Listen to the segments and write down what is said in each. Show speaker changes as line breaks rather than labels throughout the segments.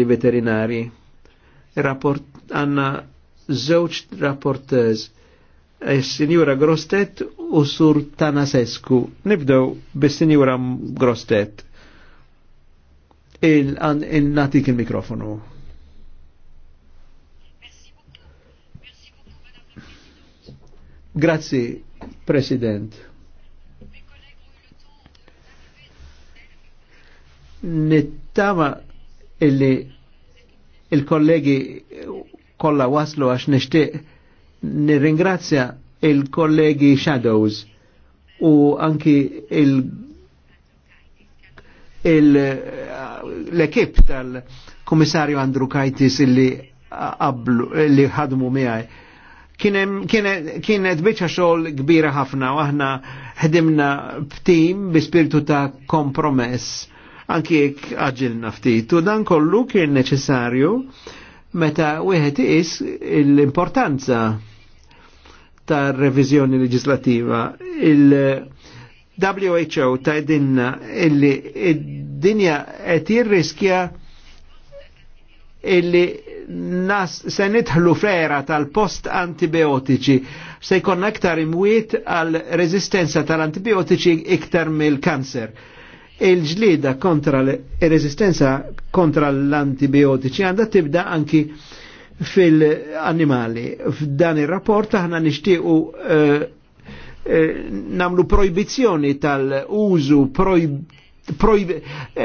li veterinari. Rapport, għanna zewċ rapportez, il-Sinjura eh, Grostet u Sur Tanasescu. Nibdew bil sinjura Grostet. Il-natik il il-mikrofonu. Grazzi, President. Nittama illi il-kollegi kolla waslu għax nishtiq nirringrazzja il-kollegi Shadows u anki il- l-ekip tal-komissarju Andru Kajtis illi għablu, illi ħadmu miħaj. Kienet biċċa xogħol kbira ħafna u aħna ħdimna b'tim bi spiritu ta' kompromess anki jekk aġil naftitu, dan kollu kien neċessarju meta wieħed is l-importanza tar revizjoni leġislativa. Il-WHO dinna illi id-dinja qed jirriskja illi nas se nidħlu fera tal-post antibiotiċi se jkollna aktar imwiet għal reżistenza tal-antibiotiċi iktar mill-kanser il-ġlida kontra l-resistenza kontra l-antibiotiċi għandha tibda anki fil-animali. F'dan ir-rapport aħna nishtiqu uh, eh, uh, eh, namlu proibizjoni tal-użu projb Proib,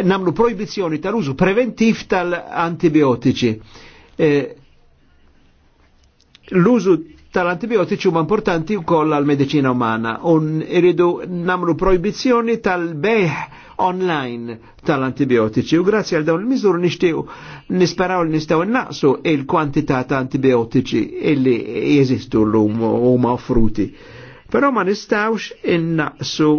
namlu proibizjoni tal-użu preventiv tal-antibiotiċi. Eh, l-użu tal-antibiotiċi huma importanti wkoll għal medicina umana. Un iridu namlu proibizjoni tal-beħ online tal-antibiotiċi u grazzi għal dawn il-miżur nixtiequ nisperaw li nistgħu naqsu il-kwantità ta' antibiotiċi illi jeżistu l-lum ma' fruti. Però ma nistawx innaqsu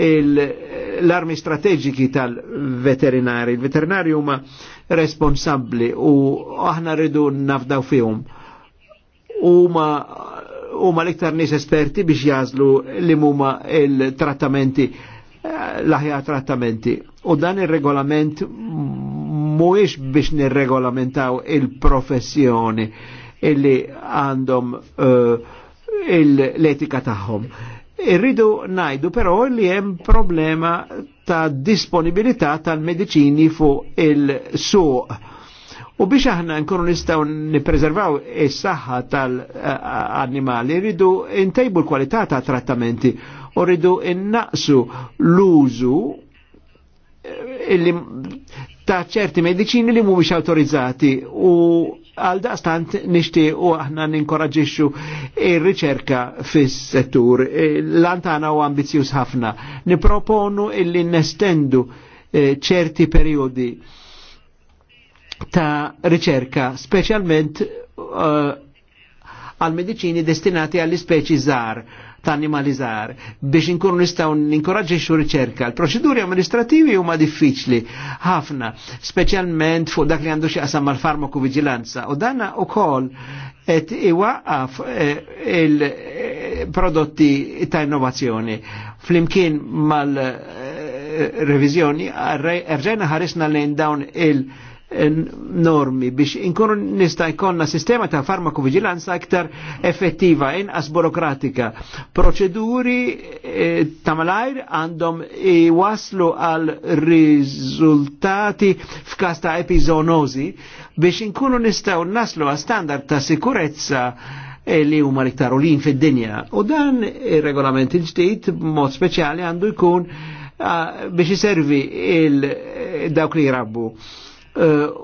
l-armi strateġiki tal-veterinari. Il-veterinari huma responsabbli u aħna rridu nafdaw fihom. Huma huma l-iktar nis esperti biex jażlu li huma il-trattamenti l-aħjar trattamenti. U dan il-regolament mhuwiex biex nirregolamentaw il-professjoni illi għandhom uh, eh, l-etika tagħhom. Irridu najdu però li hemm problema ta' disponibilità tal-mediċini fuq il-suq U biex aħna nkunu nistgħu nippreservaw is-saħħa tal-annimali rridu ntejbu l-kwalità ta' trattamenti u rridu innaqsu l-użu eh, ta' ċerti mediċini li mhumiex autorizzati u għal daqstant nishtiq u aħna ninkoraġixxu ir-riċerka fis-settur. Eh, L-antana u ambizjuż ħafna. Niproponu illi nestendu eh, ċerti periodi ta' riċerka, specialment għal uh, medicini destinati għall speċi żgħar ta' animali żgħar biex inkunu nistgħu ninkoraġġixxu riċerka. L-proċeduri amministrativi huma diffiċli ħafna, speċjalment fuq dak li għandu xi qasam mal-farmaku viġilanza u danna ukoll qed iwaqqaf eh, il-prodotti ta' innovazzjoni flimkien mal-reviżjoni eh, rġajna ħarisna lejn dawn il- normi biex inkunu nista' jkollna sistema ta' farmakovigilanza aktar effettiva, inqas burokratika. Proċeduri eh, ta' malajr għandhom iwaslu għal riżultati f'każ ta' epizonozi biex inkunu nistgħu naslu għal standard ta' sikurezza eh, li huma liktar u lin fid-dinja. U dan ir-regolament il-ġdid mod speċjali għandu jkun ah, biex iservi il-dawk eh, li jrabbu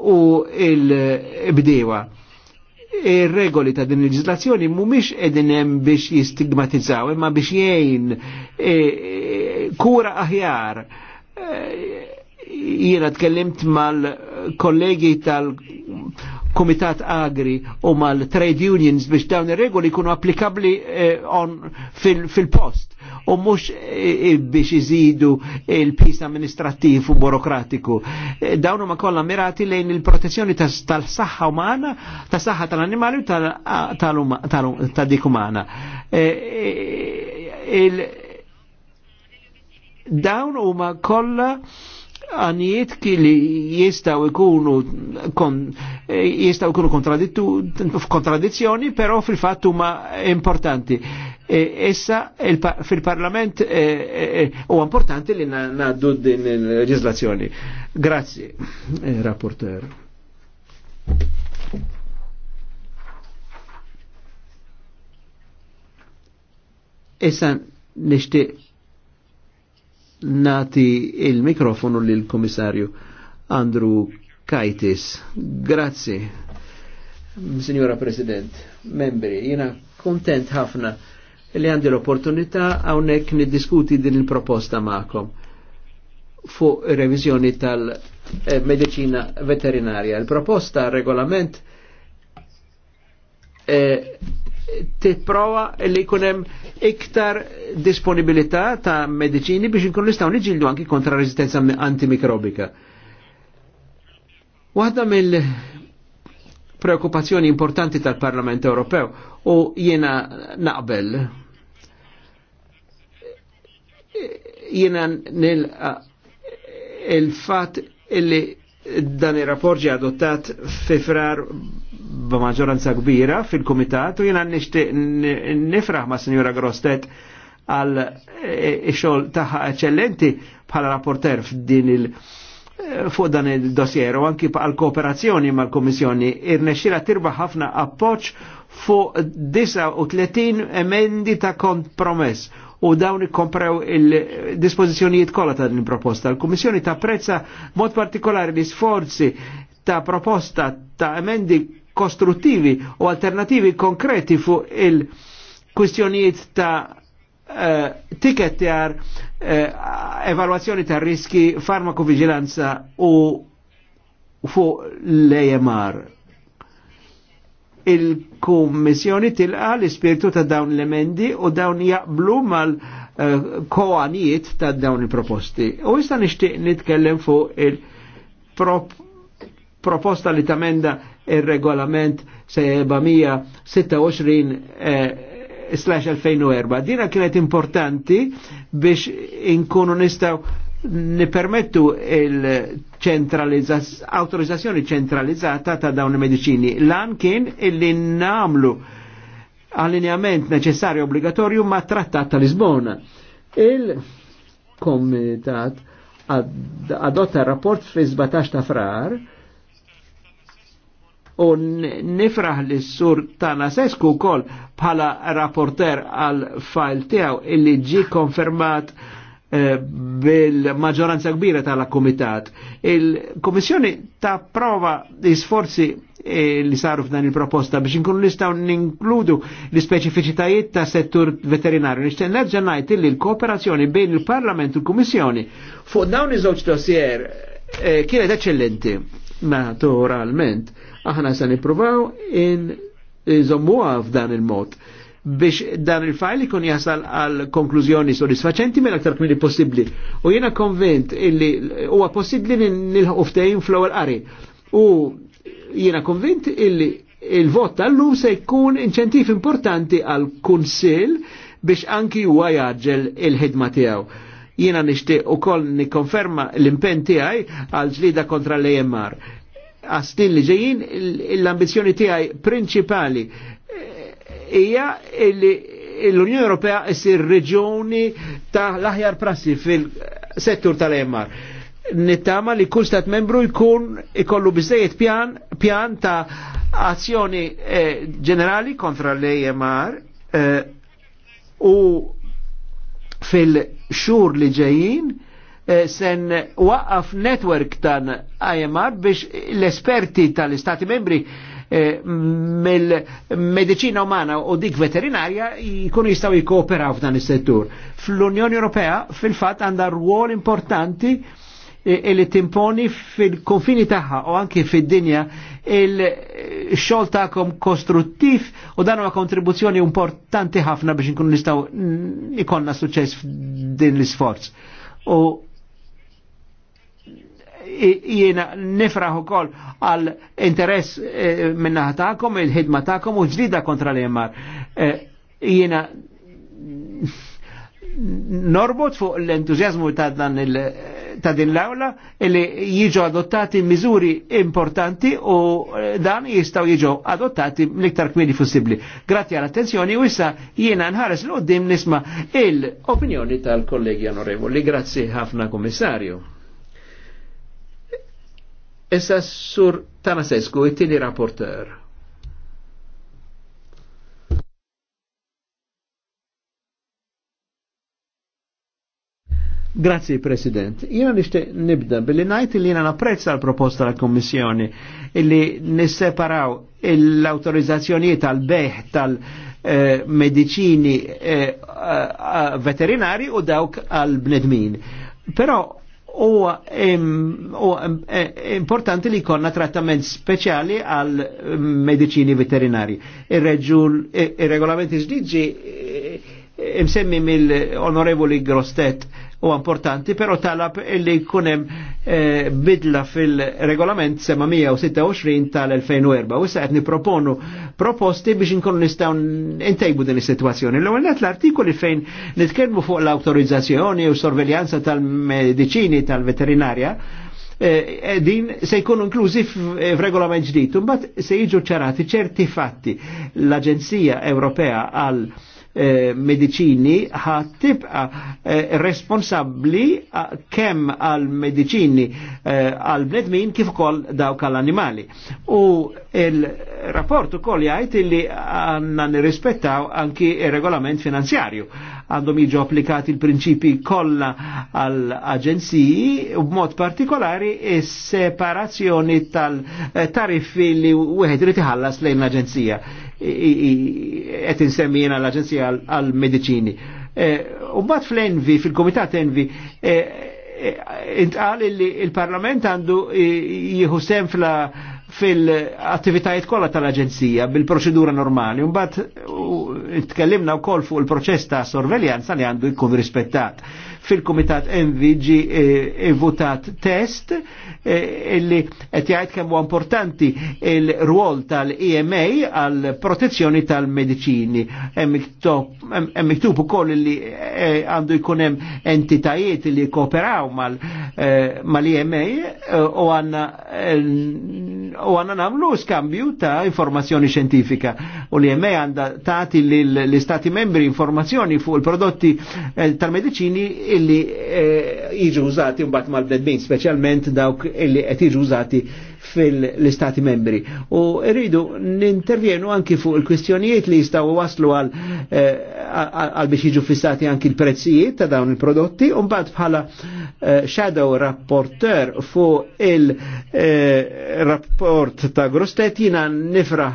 u il-bdewa. Ir-regoli ta' din il-leġislazzjoni mhumiex qegħdin hemm biex jistigmatizzaw, imma biex jgħin e, kura aħjar. E, jiena tkellimt mal-kollegi tal-Komitat Agri u mal-Trade Unions biex dawn ir-regoli jkunu applikabli e, fil-post u mhux biex iżidu il-pis amministrattiv u burokratiku. E, dawn huma kollha mirati lejn il-protezzjoni tal-saħħa umana, tas-saħħa tal-annimali u tal-dik umana e, e, dawn huma kollha għanijiet li jistaw ikunu kon, jistaw ikunu kontradizjoni, però fil fattu ma importanti. Issa e, fil-Parlament e, e, u importanti li naddu din il-leġislazzjoni. Grazzi, eh, rapporter. Issa nishti nati il-mikrofonu lil-komissarju Andrew Kaitis. Grazie, Signora President, membri, jina kontent ħafna li għandi l-opportunità għawnek nid-diskuti din il-proposta ma'kom fuq revizjoni tal-medicina veterinarja. Il-proposta, regolament, eh, prova li kunem iktar disponibilità ta' medicini biex nkun nistaw niġildu anki kontra rezistenza antimikrobika. Waħda mill preokupazzjoni importanti tal-Parlament Ewropew u jiena naqbel Jiena nilqa il-fat illi dan il-rapport ġi adottat fi frar b'maġġoranza kbira fil-komitat u jiena nixtieq nifraħ ma' Sinjura Grostet għal e, e, xogħol taħħa eccellenti bħala rapporter f'din il- fuq dan il-dossier u anki għal kooperazzjoni mal-Komissjoni irnexxira tirba ħafna appoċ fuq 39 emendi ta' kompromess u dawn ikkompraw il-dispozizjonijiet kollha ta' din proposta. L-Kummissjoni ta' prezza mod partikolari l sforzi ta' proposta ta' emendi kostruttivi u alternativi konkreti fuq il-kwistjonijiet ta' eh, ticketjar, uh, eh, evalwazzjoni ta' riski, farmakovigilanza u fuq l emr il kommissjoni tilqa l-ispirtu ta' dawn l-emendi u dawn jaqblu mal-koanijiet eh, ta' dawn il-proposti. U issa nixtieq nitkellem fuq il-proposta li tamenda il-regolament 726 2004. Eh, Dina kienet importanti biex inkunu nistaw nipermettu il-autorizzazzjoni ċentralizzata ta' dawn il-medicini. Lan kien illi namlu allineament neċessarju e obbligatorju ma' trattat ta' Lisbona. Il-komitat adotta rapport fi 17 ta' frar u nifraħ li sur Tanasescu kol bħala rapporter għal fajl tiegħu illi ġi konfermat Eh, bil-maġġoranza kbira tal-Komitat. Il-Komissjoni ta' prova sforzi eh, li saru f'dan il-proposta biex nkunu nistgħu ninkludu l-ispeċifiċitajiet ta' settur veterinarju. Nixtieq nerġa' ngħid li l-kooperazzjoni bejn il-Parlament u l-Kummissjoni fuq dawn iż-żewġ dossier eh, kienet eċċellenti. Naturalment, aħna se nippruvaw in iżommuha f'dan il-mod biex dan il-fajl ikun jasal għal konklużjoni soddisfaċenti mill aktar kmini possibli. U jena konvent illi huwa possibli nilħu ftejn fl-ewwel qari. U jena konvent illi il-vot tal-lum se jkun inċentif importanti għal kunsil biex anki huwa jaġġel il-ħidma tiegħu. Jiena nixtieq ukoll nikkonferma l-impenn tiegħi għal ġlida kontra l-EMR għastin li ġejjin l-ambizjoni tiegħi prinċipali hija li l-Unjoni Ewropea jsir reġjoni ta' l-aħjar prassi fil-settur tal-EMR. Nittama li kull stat membru jkun ikollu biżejjed pjan, pjan ta' azzjoni eh, ġenerali eh, kontra l-EMR eh, u fil-xur li ġejjin eh, sen waqaf network tan IMR biex l-esperti tal-Istati membri Eh, mill-medicina umana u dik veterinarja jkunu jistaw jikooperaw f'dan is-settur. Fl-Unjoni Ewropea fil-fatt għandha rwol importanti eh, li timponi fil-konfini tagħha u anke fid-dinja il xogħol tagħkom kostruttiv u dan huwa kontribuzzjoni importanti ħafna biex nkunu nistgħu ikonna suċċess f'din l-isforz. U jiena nifraħu ukoll għal interess eh, minna ta'kom, il-ħidma ta'kom u ġlida kontra l-jemmar. Eh, jiena norbot fuq l-entuzjazmu ta' dan il ta' din l-awla li jiġu adottati miżuri importanti u dan jistaw jiġu adottati l-iktar kmini fussibli. Grazie għal attenzjoni u issa jiena nħares l-qoddim nisma' il-opinjoni tal-kollegi onorevoli. Grazie ħafna komissarju. Issa sur Tanasescu, it-tini rapporter. Grazzi, President. Jena nishtiq nibda billi najt li jena napprezza l-proposta tal kommissjoni illi nisseparaw l autorizzazzjoni tal beħ eh, tal-medicini eh, eh, veterinari u dawk għal-bnedmin. Però u e, importanti li konna trattament speċjali għal medicini veterinari. ir e, regolamenti ġdiġi e, msemmi mill-onorevoli Grostet u importanti, pero talab illi kunem eh, bidla fil-regolament sema 126 tal-2004. U saqet niproponu proposti biex nkunu nistaw intejbu din is-sitwazzjoni. L-ewwel l-artikoli fejn nitkellmu fuq l-autorizzazzjoni u sorveljanza tal medicini tal-veterinarja eh, eh, din se jkunu inklużi f'regolament ġdid. Mbagħad se jiġu ċarati ċerti fatti l-Aġenzija Ewropea għal Eh, medicini ħa tibqa eh, responsabbli kemm għal medicini eh, għal bnedmin kif ukoll dawk għal animali. U il-rapport ukoll jgħid li għandna nirrispettaw anki regolament finanzjarju. Għandhom jiġu applikati l-prinċipi kollha għal aġenziji u b'mod partikolari is-separazzjoni tal-tariffi li u irid iħallas lejn l-aġenzija qed insemmijena l-Aġenzija għal-Mediċini. E, u bat fl-Envi, fil-Kumitat Envi, e, e, intqal li il-Parlament għandu jieħu sem fil-attivitajiet kollha tal-Aġenzija bil-proċedura normali. Mbagħad tkellimna wkoll fuq il-proċess ta' sorveljanza li għandu jkun rispettat fil komitat MVG eh, votat test eh, illi qed jgħid kemm importanti il ruol tal-EMA għal protezzjoni tal medicini Hemm miktub ukoll li eh, għandu jkun hemm entitajiet li kooperaw mal-EMA u għanna u għanna namlu skambju ta' informazzjoni xentifika U l-EMA għandha tagħti l-istati membri informazzjoni fuq il-prodotti tal medicini illi eh, jiġu użati mbagħad mal-bnedmin, speċjalment dawk illi qed jiġu użati fil-istati membri. U rridu nintervjenu anki fuq il-kwistjonijiet li jistaw waslu għal eh, għal biex jiġu fissati anki l-prezzijiet ta' dawn il-prodotti, un bad bħala eh, shadow rapporteur fuq il-rapport eh, ta' Grostet jina nifraħ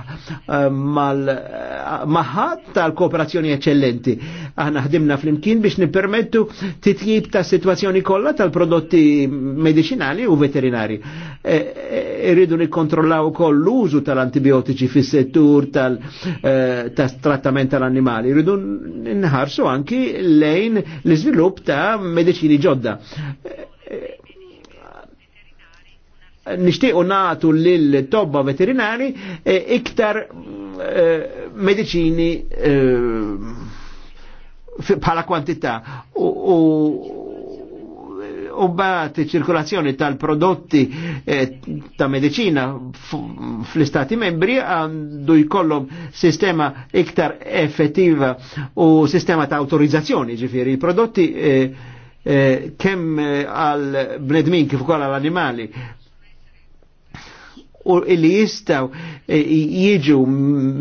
maħat tal-kooperazzjoni eccellenti. Aħna ħdimna fl-imkien biex nipermettu titjib ta' situazzjoni kollha tal-prodotti medicinali u veterinari irridu nikkontrollaw ukoll l-użu tal-antibiotiċi fis-settur tal-trattament tal eh, animali Irridu nħarsu anki lejn l-iżvilupp ta' medicini ġodda. Eh, Nishtiqu natu lill-tobba veterinari eh, iktar mediċini bħala kwantità u u bat ċirkolazzjoni tal-prodotti eh, ta' medicina fl-istati membri għandu jkollom sistema iktar effettiva u sistema ta' autorizzazzjoni ġifiri. i prodotti eh, eh, kemm għal bnedmin kif ukoll għal animali u illi jistaw jiġu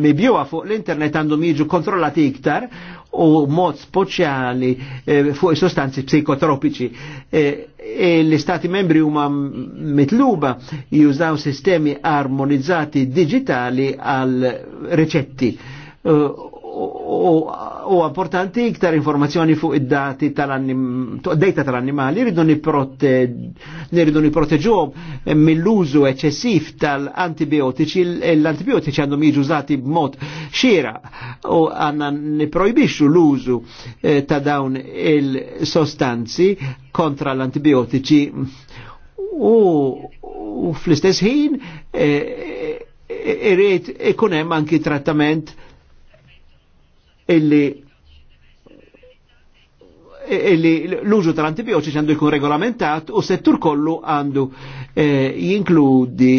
mibjuwa fuq l-internet għandhom jiġu kontrollati iktar u mod speċjali eh, fuq sostanzi psikotropiċi. Eh, e L-Istati membri huma mitluba jużaw sistemi armonizzati digitali għal reċetti. Eh, u importanti iktar informazzjoni fuq id-dati tal-data tal-annimali rridu niproteġuhom mill-użu eċessiv tal-antibiotiċi l-antibiotiċi għandhom jiġu użati b'mod xira u għandna niprojbixxu l-użu eh, ta' dawn il-sostanzi kontra l-antibiotiċi u fl-istess ħin eh, irrid ikun hemm anki trattament illi illi l-użu tal-antibiotiċi għandu jkun regolamentat u settur kollu għandu eh, jinkludi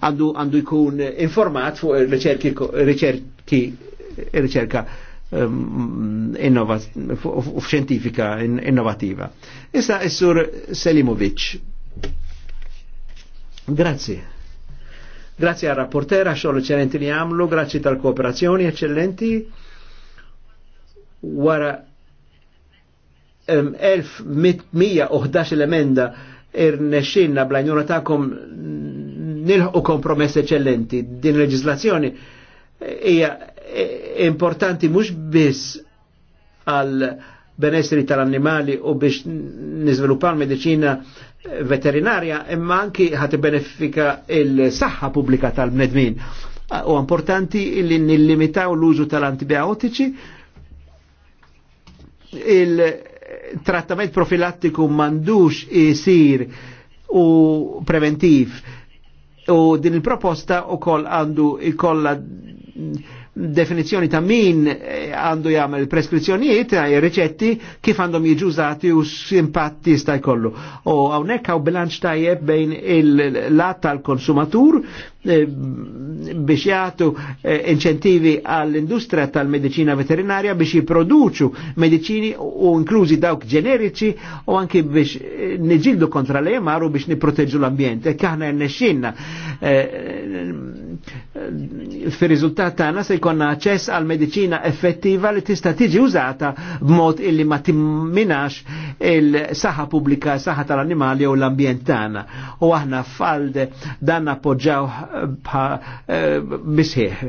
għandu, għandu jkun informat fuq il-riċerki riċerka um, ehm, innovat, xentifika innovativa. Issa is Selimovic. Grazie. Grazie al rapportera, xogħol eccellenti li għamlu, grazie tal-kooperazzjoni eccellenti wara 1111 emenda irnexinna bla njuna ta'kom nilħu kompromess eccellenti. Din leġislazzjoni hija importanti mhux biss għal benessri tal-annimali u biex nizvilupa l-medicina veterinarja, imma anki ħat benefika il-saħħa pubblika tal-bnedmin. U importanti li nillimitaw l-użu tal-antibiotiċi il-trattament profilattiku mandux jisir u preventiv u din il-proposta u koll għandu ikolla definizjoni ta' min eh, għandu jagħmel preskrizzjonijiet eh, riċetti kif għandhom jiġu użati u x'impatt jista' jkollu. U hawnhekk hawn bilanċ tajjeb bejn il-lat tal-konsumatur eh, biex jagħtu inċentivi għall-industrija tal-medicina veterinarja biex jipproduċu mediċini u inklużi dawk ġeneriċi u anki biex niġildu kontra l-EMR u biex niproteġu l-ambjent. Kaħna jennexxinna fi riżultat tagħna se jkollna aċċess għal medicina effettiva li tista' tiġi użata b'mod illi ma timminax il-saħħa pubblika, saħħa tal-annimali u l-ambjent tagħna. U aħna falde dan appoġġaw eh, bisħieħ.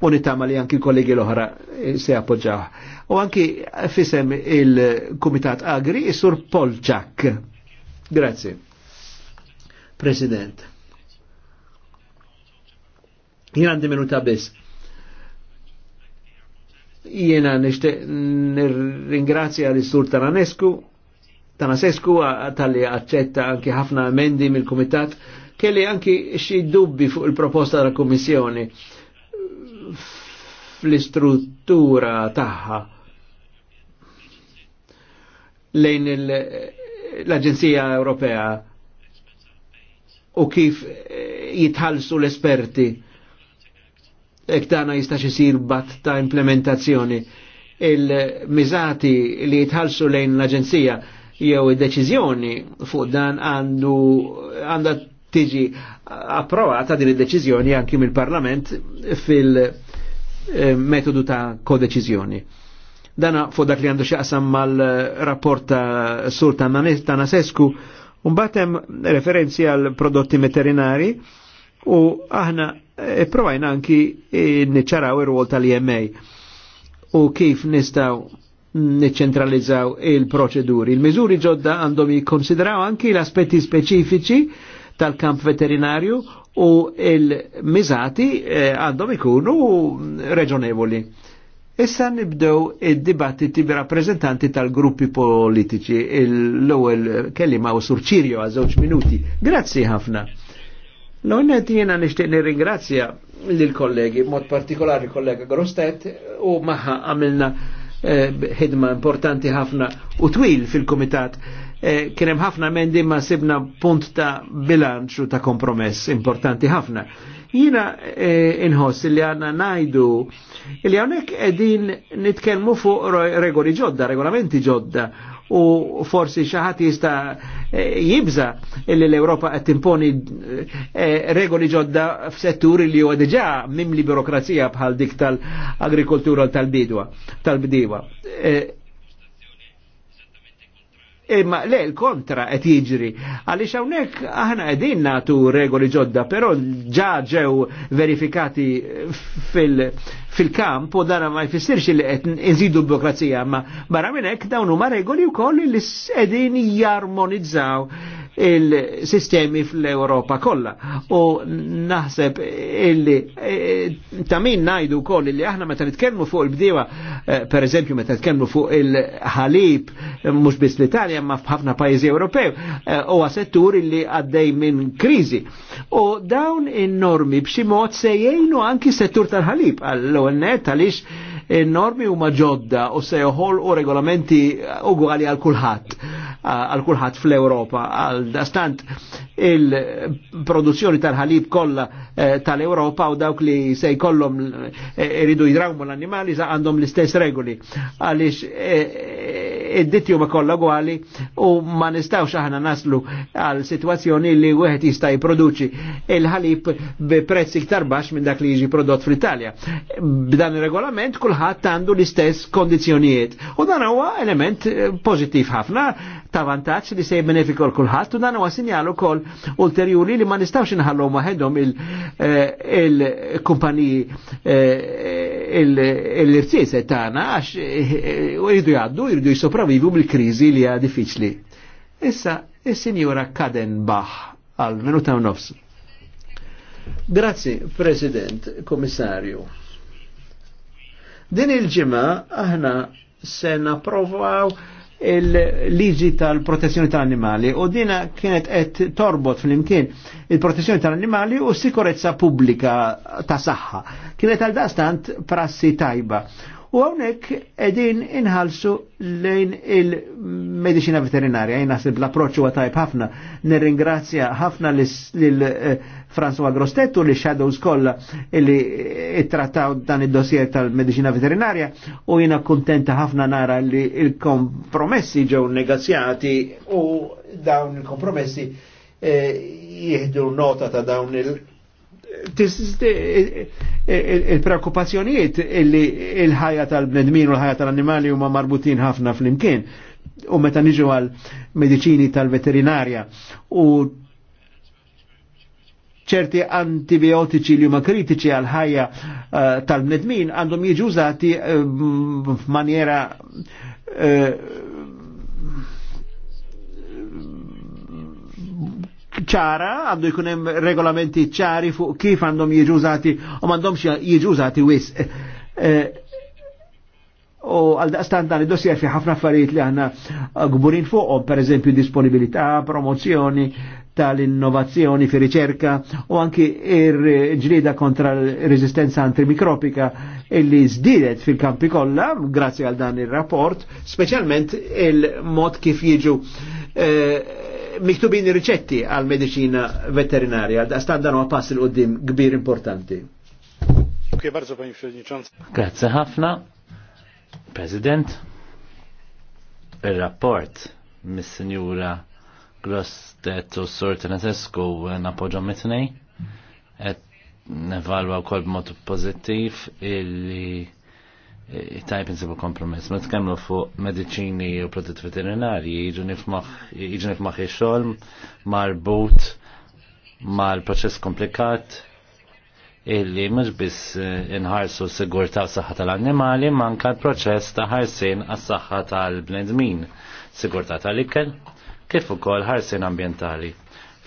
U li anki kollegi l-oħra eh, se appoġġaw. U anki fisem il-Kumitat Agri, is-Sur Polċak. Grazie. President. Jien għandi minuta biss. Jiena nishtiq nirringrazzja l-istur Taranescu, Tanasescu tal-li accetta anki ħafna emendi mill-Kumitat, kelli anki xi dubbi fuq il-proposta tal kummissjoni fl-istruttura tagħha lejn l-Aġenzija Ewropea u kif jitħallsu l-esperti ek dana jistax isir bat ta' implementazzjoni. Il-mizati li jitħalsu lejn l-Aġenzija jew id-deċiżjoni fuq dan għandu għanda tiġi approvata din id-deċiżjoni anki mill-Parlament fil-metodu ta' kodeċizjoni. Dana fuq dak li għandu xaqsam mal-rapport ta' Sur ta' un batem referenzi għal prodotti veterinari u aħna E provajna anki e, niċċaraw ir rol tal-IMA u kif nistaw niċċentralizzaw il-proċeduri. il mizuri ġodda għandhom jikkonsidraw anki l-aspetti speċifiċi tal-kamp veterinarju u il mizati e, għandhom ikunu reġonevoli. Issa nibdew id-dibattiti bi rappresentanti tal-gruppi politiċi. L-ewwel kellima u surċirju għal żewġ minuti. Grazzi ħafna. Non qed jiena nixtieq nirringrazzja lil kollegi, mod partikolari kollega Grostet u maħħa għamilna eh, ħidma eh, importanti ħafna u twil fil-komitat. Eh, Kien hemm ħafna mendi ma sibna punt ta' bilanċ u ta' kompromess importanti ħafna. Jiena eh, inħoss li għanna najdu li hawnhekk qegħdin nitkellmu fuq regoli ġodda, regolamenti ġodda u forsi xaħat jista eh, jibza illi l-Europa qed timponi eh, regoli ġodda f'setturi li huwa diġà mimli birokrazija bħal dik tal-agrikoltura tal-bidwa tal bidwa eh, Imma le l-kontra qed jiġri. Għaliex hawnhekk aħna qegħdin nagħtu regoli ġodda, però ġa ġew verifikati fil-kamp u dan ma jfissirx li qed inżidu burokrazija, ma barra minn hekk dawn huma regoli wkoll li qegħdin jarmonizzaw il-sistemi fl-Europa kollha. U naħseb illi e, ta' min najdu kol illi aħna meta nitkellmu fuq il-bdiewa, e, per eżempju meta nitkellmu fuq il-ħalib, e, mhux biss l-Italja, ma f'ħafna pajjiżi Ewropew, huwa settur illi għaddej minn kriżi. U dawn in-normi b'xi mod se jgħinu anki settur tal-ħalib għall-ewwel net għaliex normi huma ġodda u se joħol u regolamenti uguali għal kulħadd għal kulħadd fl-Ewropa. Għal dastant il-produzzjoni tal-ħalib kollha eh, tal-Ewropa u dawk li se jkollhom eh, iridu jidrawmu l-annimali sa għandhom l-istess regoli. Għaliex eh, id-ditti huma kollha gwali u ma nistgħux aħna naslu għal situazzjoni li wieħed jista' jproduċi il-ħalib bi prezz iktar baxx minn dak li jiġi prodott fl-Italja. B'dan ir-regolament kulħadd għandu l-istess kondizzjonijiet. U dan huwa element pożittiv ħafna ta' vantaċ li sej benefiko l kulħat u dan u għasinjalu kol ulterjuri li ma nistawx inħallhom waħedhom il-kumpaniji il eh, l-irtieset eh, tagħna għax eh, u jridu jgħaddu, jridu jisopravivu bil-krizi li hija diffiċli. Issa, is-Sinjura Kadenbach għal minuta u nofs. Grazzi, President, Komissarju. Din il-ġimma aħna se provaw il-liġi tal-protezzjoni tal-animali u dina kienet qed torbot fl-imkien il-protezzjoni tal-animali u sikurezza pubblika ta' saħħa. Kienet għal dastant prassi tajba U għonek edin inħalsu lejn il-medicina veterinarja, jina sib l-approċu għatajb ħafna, nirringrazzja ħafna l-François eh, Grostetto li shadows kolla li ittrattaw dan id dossier tal-medicina veterinarja u jina kontenta ħafna nara li il-kompromessi ġew negozjati u dawn il-kompromessi eh, jihdu nota ta' dawn il- il-preokkupazzjonijiet illi il-ħajja tal-bnedmin u l-ħajja tal-annimali huma marbutin ħafna fl-imkien u meta niġu għal medicini tal-veterinarja u ċerti antibiotiċi li huma kritiċi għal ħajja eh, tal-bnedmin għandhom jiġu użati f'maniera eh, eh, ċara, għandu jkun hemm regolamenti ċari fuq kif għandhom jiġużati u m'għandhomx jiġużati wis. Eh, eh, u għal daqstan dan id-dossier fi ħafna affarijiet li għanna gburin fuqhom, per eżempju disponibilità, promozzjoni tal-innovazzjoni fi riċerka u anki ir-ġlida kontra l-rezistenza antimikropika illi zdidet fil-kampi kollha grazzi għal dan ir-rapport, speċjalment il-mod kif jiġu eh, miktubin riċetti għal medicina veterinarja, għal dastan dan pass il qoddim kbir
importanti. Ok, bardzo, pani przewodniczący. Grazie ħafna. President. Il-rapport mis signora Grostet u Sortenetesku napoġa mitnej. Et nevalwa kol b'mod pozitiv illi Tajpin nsibu kompromess. Ma tkemmlu fuq medicini u prodotti veterinarji, jiġu nifmaħ mar marbut mal-proċess komplikat illi mhux biss eh, inħarsu s-sigurtà u saħħa tal-annimali ma anke l-proċess ta' ħarsin għas-saħħa tal-bnedmin, sigurtà tal-ikel, kif ukoll ħarsin ambjentali.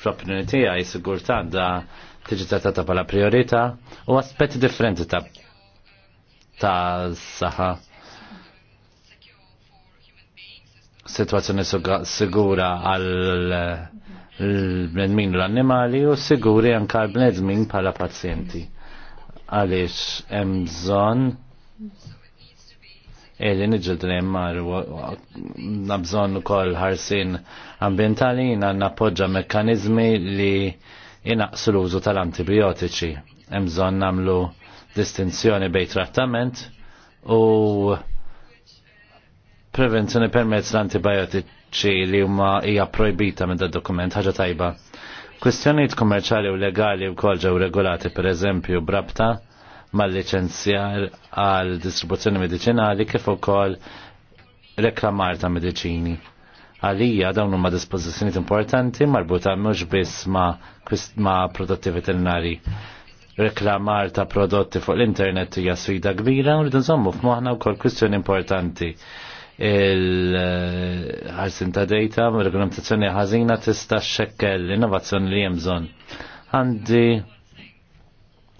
Fl-opinjoni tiegħi sigurtà da tiġi trattata bħala priorità u aspetti differenti ta' ta' saħħa situazzjoni sigura għal l-bnedmin l-annimali u siguri anka l-bnedmin pala pazjenti. Għalix hemm bżonn Eli nġildu li nabżon u koll ħarsin ambientali, jina nappoġġa mekkanizmi li jina l-użu tal-antibiotiċi. Emżon namlu distinzjoni bej trattament u prevenzjoni permezz l-antibiotiċi li huma hija projbita minn dal dokument ħaġa tajba. Kwistjonijiet kummerċali u legali wkoll ġew regolati pereżempju brabta mal-liċenzjar għal distribuzzjoni medicinali kif ukoll reklamar ta' mediċini. Għalija dawn huma dispożizzjonijiet importanti marbuta mhux biss ma prodotti veterinari reklamar ta' prodotti fuq l-internet hija sfida kbira u rridu nżommu f'moħħna wkoll kwistjoni importanti il-ħarsin ta' data, regolamentazzjoni ħażina tista' xekkel l-innovazzjoni li hemm bżonn. Għandi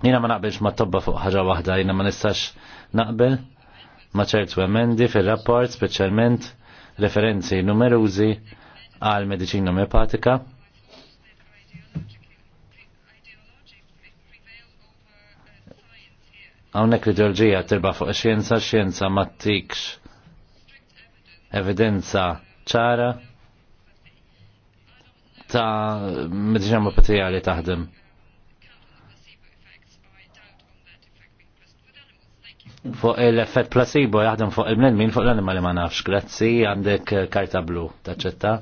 jiena ma naqbilx ma tobba fuq ħaġa waħda, jiena ma nistax naqbel ma ċertu emendi fil-rapport speċjalment referenzi numerużi għal medicina omeopatika Għawnek l-ideologija tirba fuq xienza, xienza ma tikx evidenza ċara ta' medicina patrijali li taħdem. Fuq l-effett placebo jaħdem fuq il-mnedmin fuq l-animali ma nafx, grazzi għandek karta blu, taċċetta.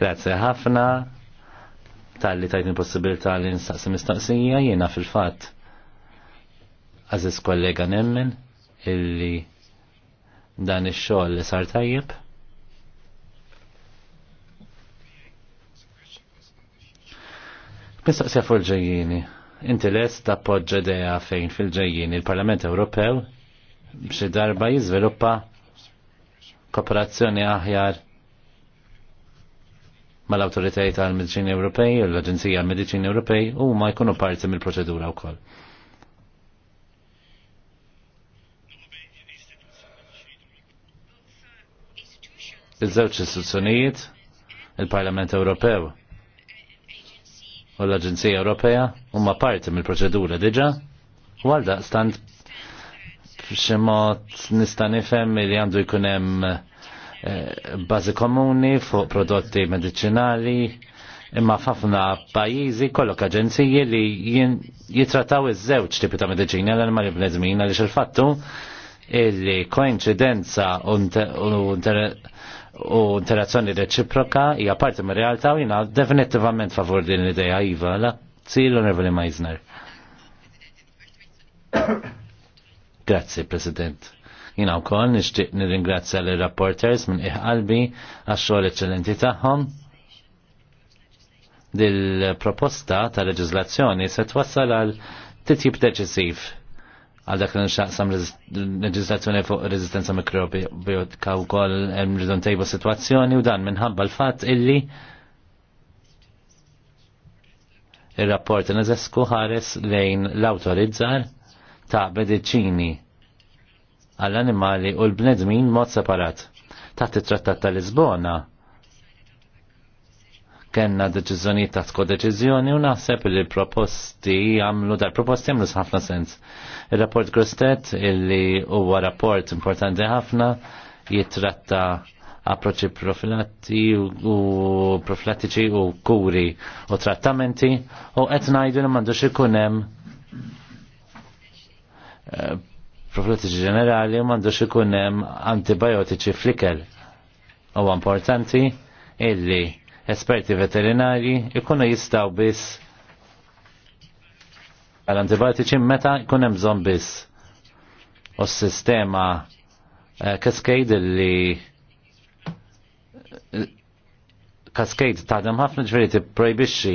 Grazie ħafna tal-li tajtni possibilità li nistaqsi mistaqsija jiena fil-fatt. għaziz kollega nemmen illi dan ix-xogħol li sar tajjeb. Mistaqsija fuq il-ġejjini. Inti lest tappoġġa idea fejn fil-ġejjini il-Parlament Ewropew xi darba jiżviluppa kooperazzjoni aħjar mal-Awtoritajiet tal-Mediċini Ewropej u l-Aġenzija Mediċini Ewropej u ma jkunu parti mill-proċedura wkoll. Il-żewġ istituzzjonijiet, il-Parlament Ewropew u l-Aġenzija Ewropea huma parti mill-proċedura diġa u għal stand f'xi mod nista' nifhem li għandu jkun hemm Eh, bażi komuni fuq prodotti medicinali imma f'ħafna pajjiżi kollok aġenziji li jitrataw iż-żewġ tipi ta' medicina l-animali bnedmin għaliex il-fattu illi koinċidenza u interazzjoni reċiproka hija parti mir realtà u jiena definittivament favur din l-idea iva la sil Onorevoli Meisner. Grazie, President. Jina u kol nishtiq nir-ingrazzja l-rapporters minn iħqalbi għax-xogħol eċċellenti tagħhom. Dil-proposta ta' leġizlazzjoni se twassal għal titjib deċisiv għal dak li nxaqsam leġizlazzjoni fuq rezistenza mikrobiotika u kol mridon tejbu situazzjoni u dan minħabba l-fat illi il-rapport nizesku ħares lejn l-autorizzar ta' mediċini għall-animali u l-bnedmin mod separat. Taħt it-trattat ta' Lisbona kenna deċiżjonijiet ta' skodeċiżjoni u naħseb li proposti għamlu dar proposti għamlu ħafna sens. Il-rapport Grostet illi huwa rapport importanti ħafna jitratta approċċi profilatti u profilattiċi u kuri u trattamenti u qed ngħidu li m'għandux ikun hemm eh, profilattiċi ġenerali u mandux ikun hemm antibiotiċi flikel. U importanti illi esperti veterinari ikunu jistaw biss għal-antibiotiċi meta ikun hemm bżonn biss. U s-sistema kaskade eh, li kaskade eh, taħdem ħafna ġveri ti projbixxi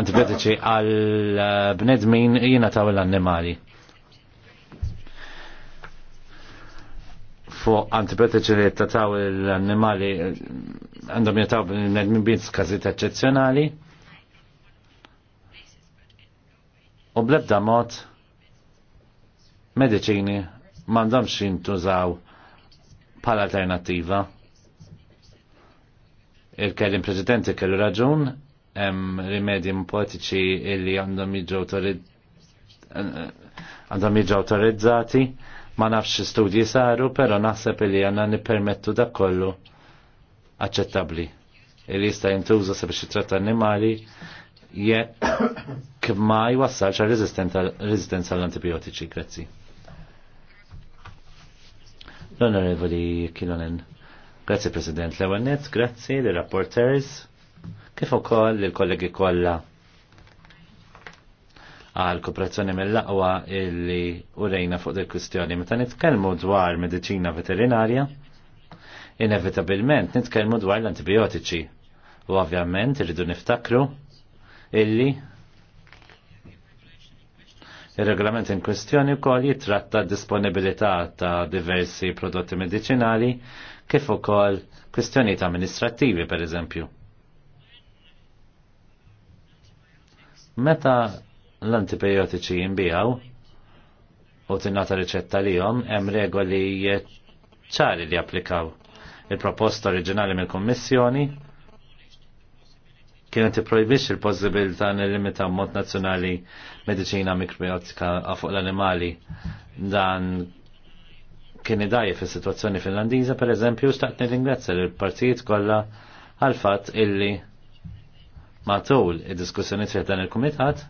antibiotiċi għal eh, bnedmin jina taw l-annimali. fuq antipatiċi li taw l-annimali għandhom jataw b'nedmin bint skazit eccezzjonali. U bledda mod mediċini m'għandhomx jintużaw pal alternativa. Il-kellim preġidenti kellu raġun, hemm rimedji poetiċi illi għandhom jiġu għandhom jiġu autorizzati Ma nafx studji saru, pero naħseb li għanna nipermettu dak kollu aċċettabli. Il jista' jintuża sabiex jitratta annimali jekk kma jwassalx għal rezistenza għall-antibiotiċi. Grazzi. L-Onorevoli Kilonen. Grazzi President Lewanet, grazzi li rapporters, kif ukoll il-kollegi kollha għal kooperazzjoni mill-laqwa illi urejna fuq il kustjoni Meta nitkellmu dwar medicina veterinarja, inevitabilment nitkellmu dwar l-antibiotiċi. U ovvjament irridu niftakru illi Il-regolament in kwestjoni wkoll jitratta disponibilità ta' diversi prodotti medicinali kif ukoll kwestjonijiet amministrattivi pereżempju. Meta l-antibiotiċi jimbijaw u t-nata riċetta li jom, hemm regoli ċari li applikaw. Il-proposta oriġinali mill-Kommissjoni kienet projbix il-possibilità nil-limita mod nazzjonali medicina mikrobiotika fuq l-animali dan kien idajje fis situazzjoni finlandiża per eżempju staqt nirringrazzja l-partijiet kollha għal fatt illi matul id-diskussjoni dan il-kumitat il komitat il kumitat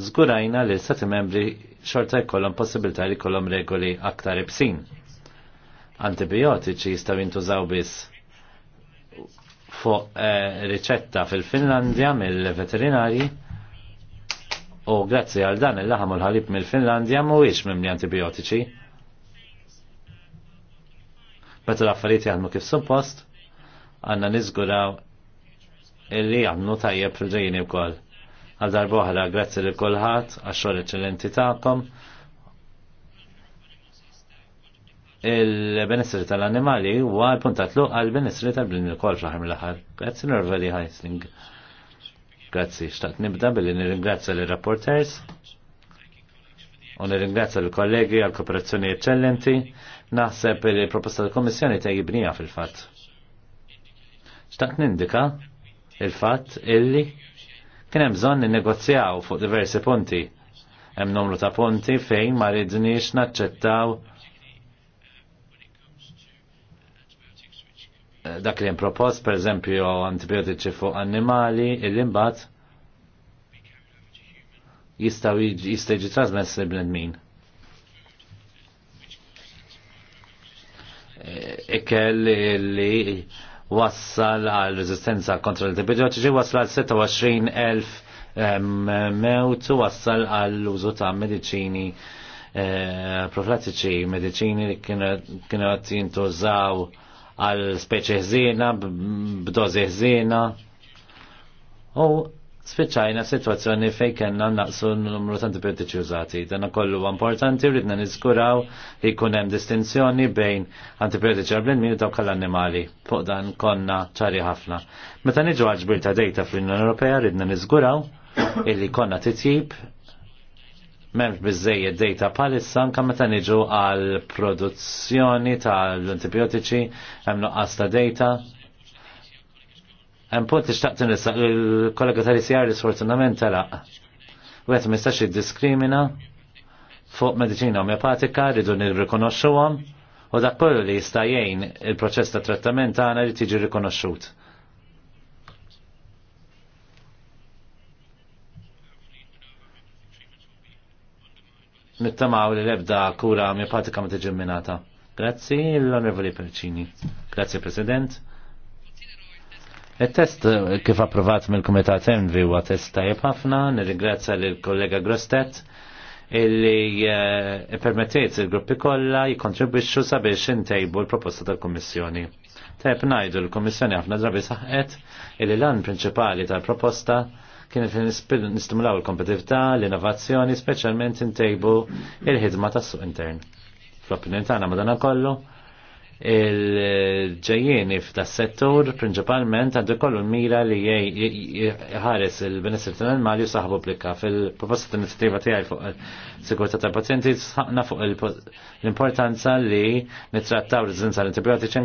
zgurajna li s-sati membri xorta jkollhom possibilità li jkollhom regoli aktar ibsin. Antibiotiċi jistgħu jintużaw biss fuq eh, riċetta fil-Finlandja mill-veterinari u grazzi għal dan il-laħam u l-ħalib mill-Finlandja mhuwiex mimli antibiotiċi. Meta l-affarijiet jaħdmu kif suppost, għandna niżguraw illi għamlu tajjeb fil-ġejjini wkoll Għal darboħra, grazzi li kolħat, għaxxol eċellenti ta'kom. Il-benessri tal-animali huwa l-puntat luq għal-benessri tal-bnin il-kol fraħim l ħar Grazzi Norveli Heisling. Grazzi, xtaqt nibda billi nirringrazzja l-rapporters u nirringrazzja l-kollegi għal-kooperazzjoni eccellenti. Naħseb li proposta tal-Komissjoni jibnija fil-fatt. Xtaqt nindika il-fatt illi Kien hemm bżonn ninnegozjaw fuq diversi punti. Hemm numru ta' punti fejn ma ridniex naċċettaw dak li hemm propost, perżempju antibiotiċi fuq annimali, il-imbat jistaw jista' jiġi trasmess l-bnedmin. Ikkel e, e li wassal għal rezistenza kontra l-antibiotiċi wassal għal 26.000 mewt u wassal għal użu ta' medicini eh, profilattiċi, medicini li kienu għat jintużaw għal speċi ħzina, b'dozi ħzina. U Spiċċajna situazzjoni fej kena naqsu n-numru ta' antibiotiċi użati. Dan kollu importanti rridna niżguraw li jkun hemm distinzjoni bejn antibiotiċi għal-blenmi u dawk għall-annimali. Fuq dan konna ċari ħafna. Meta niġu għal ta' dejta fl-Unjoni Ewropea rridna niżguraw illi konna titjib memx bizzejjed dejta palissa anka meta niġu għal produzzjoni tal-antibiotiċi hemm nuqqas ta' dejta Għem punt iċtaqt nisa il-kollega tal-ICR li sfortunament telaq. Għet mistax jiddiskrimina fuq mediċina omeopatika rridu nirrikonoxxuhom u dak kollu li jista' jgħin il-proċess ta' trattament tagħna li tiġi rikonoxxut. nittamaw li lebda kura omeopatika ma tiġi minnata. Grazzi l-Onorevoli Percini. Grazzi President. Il-test eh, kif approvat mill-Kumitat Envi huwa test tajjeb ħafna, nirringrazzja lill kollega Grostet illi eh, permettiet il-gruppi kollha jikkontribwixxu sabiex intejbu l-proposta tal-Kummissjoni. Tajb ngħidu l-Kummissjoni ħafna drabi saħqet illi l-an prinċipali tal-proposta kienet li nistimulaw il-kompetitività, l-innovazzjoni, speċjalment intejbu il-ħidma tas-suq intern. Fl-opinjoni tagħna madana kollu, il-ġejjeni f'das settur prinċipalment għandu kollu mira li jħares il-benessir tal-animali u saħbu plika fil-proposta t inizjattiva tiegħi fuq il sigurtà tal-pazjenti sħaqna fuq l-importanza li nitrattaw rezidenza l-antibiotiċi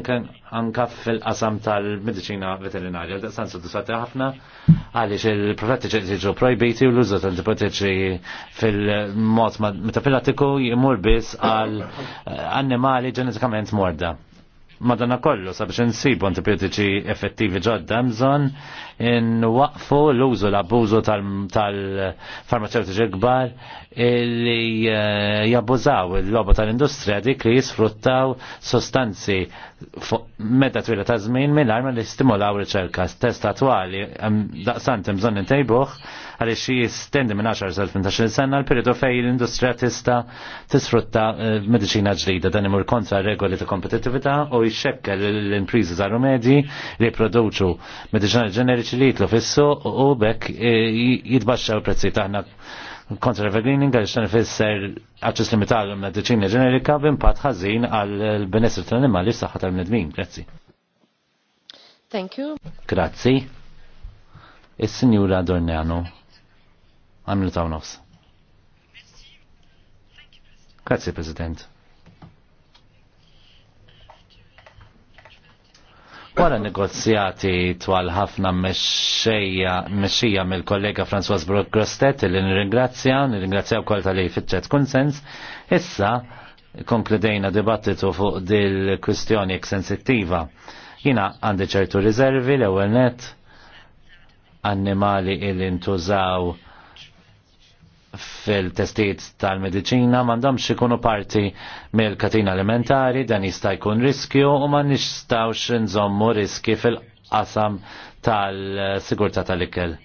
anka fil-qasam tal-medicina veterinarja. Daqsan soddisfatti ħafna għaliex il t jiġu projbiti u l-użu tal-antibiotiċi fil-mod metapilatiku jimur biss għal eh, annimali ġenetikament morda madana kollu sabiex nsibu antibiotiċi effettivi ġodda mżon n waqfu l-użu l abużu tal-farmaceutiċi gbar li eh, jabbużaw il lobu tal-industrija dik li jisfruttaw sostanzi meta twila ta' żmien mill-arma li stimulaw riċerka. Test attwali daqsant mżon intejbuħ għaliex jistendi minn 10-15 sena l-periodu fej l-industrija tista' tisfrutta eh, medicina ġdida dan imur kontra regoli ta' kompetitivita u jxekkel l-imprizi zaru medji li produċu medicina ġeneriċi li jitlu fissu u bekk eh, jitbaxxew u prezzi taħna kontra l-evergreening xan fisser għacċis limitar l-medicina ġenerika b'impatt ħażin għal-benessir tal-animali s-saħħa tal-bnedmin. Grazzi. Thank you. Grazzi. Is-Sinjura Dorneano għamil taw nofs. Grazie, President. Wara negozjati twal ħafna mexxija mill-kollega François Brock Grostet li nirringrazzja, nirringrazzja wkoll tal-li fitċet konsens, issa konkludejna dibattitu fuq dil-kwistjoni sensittiva. Jina għandi ċertu riservi l-ewwel net annimali il-intużaw fil-testijiet tal-medicina mandam ikunu parti mill-katina alimentari, dan jista' jkun riskju u ma nistawx nżommu riski fil-qasam tal-sigurta tal-ikel.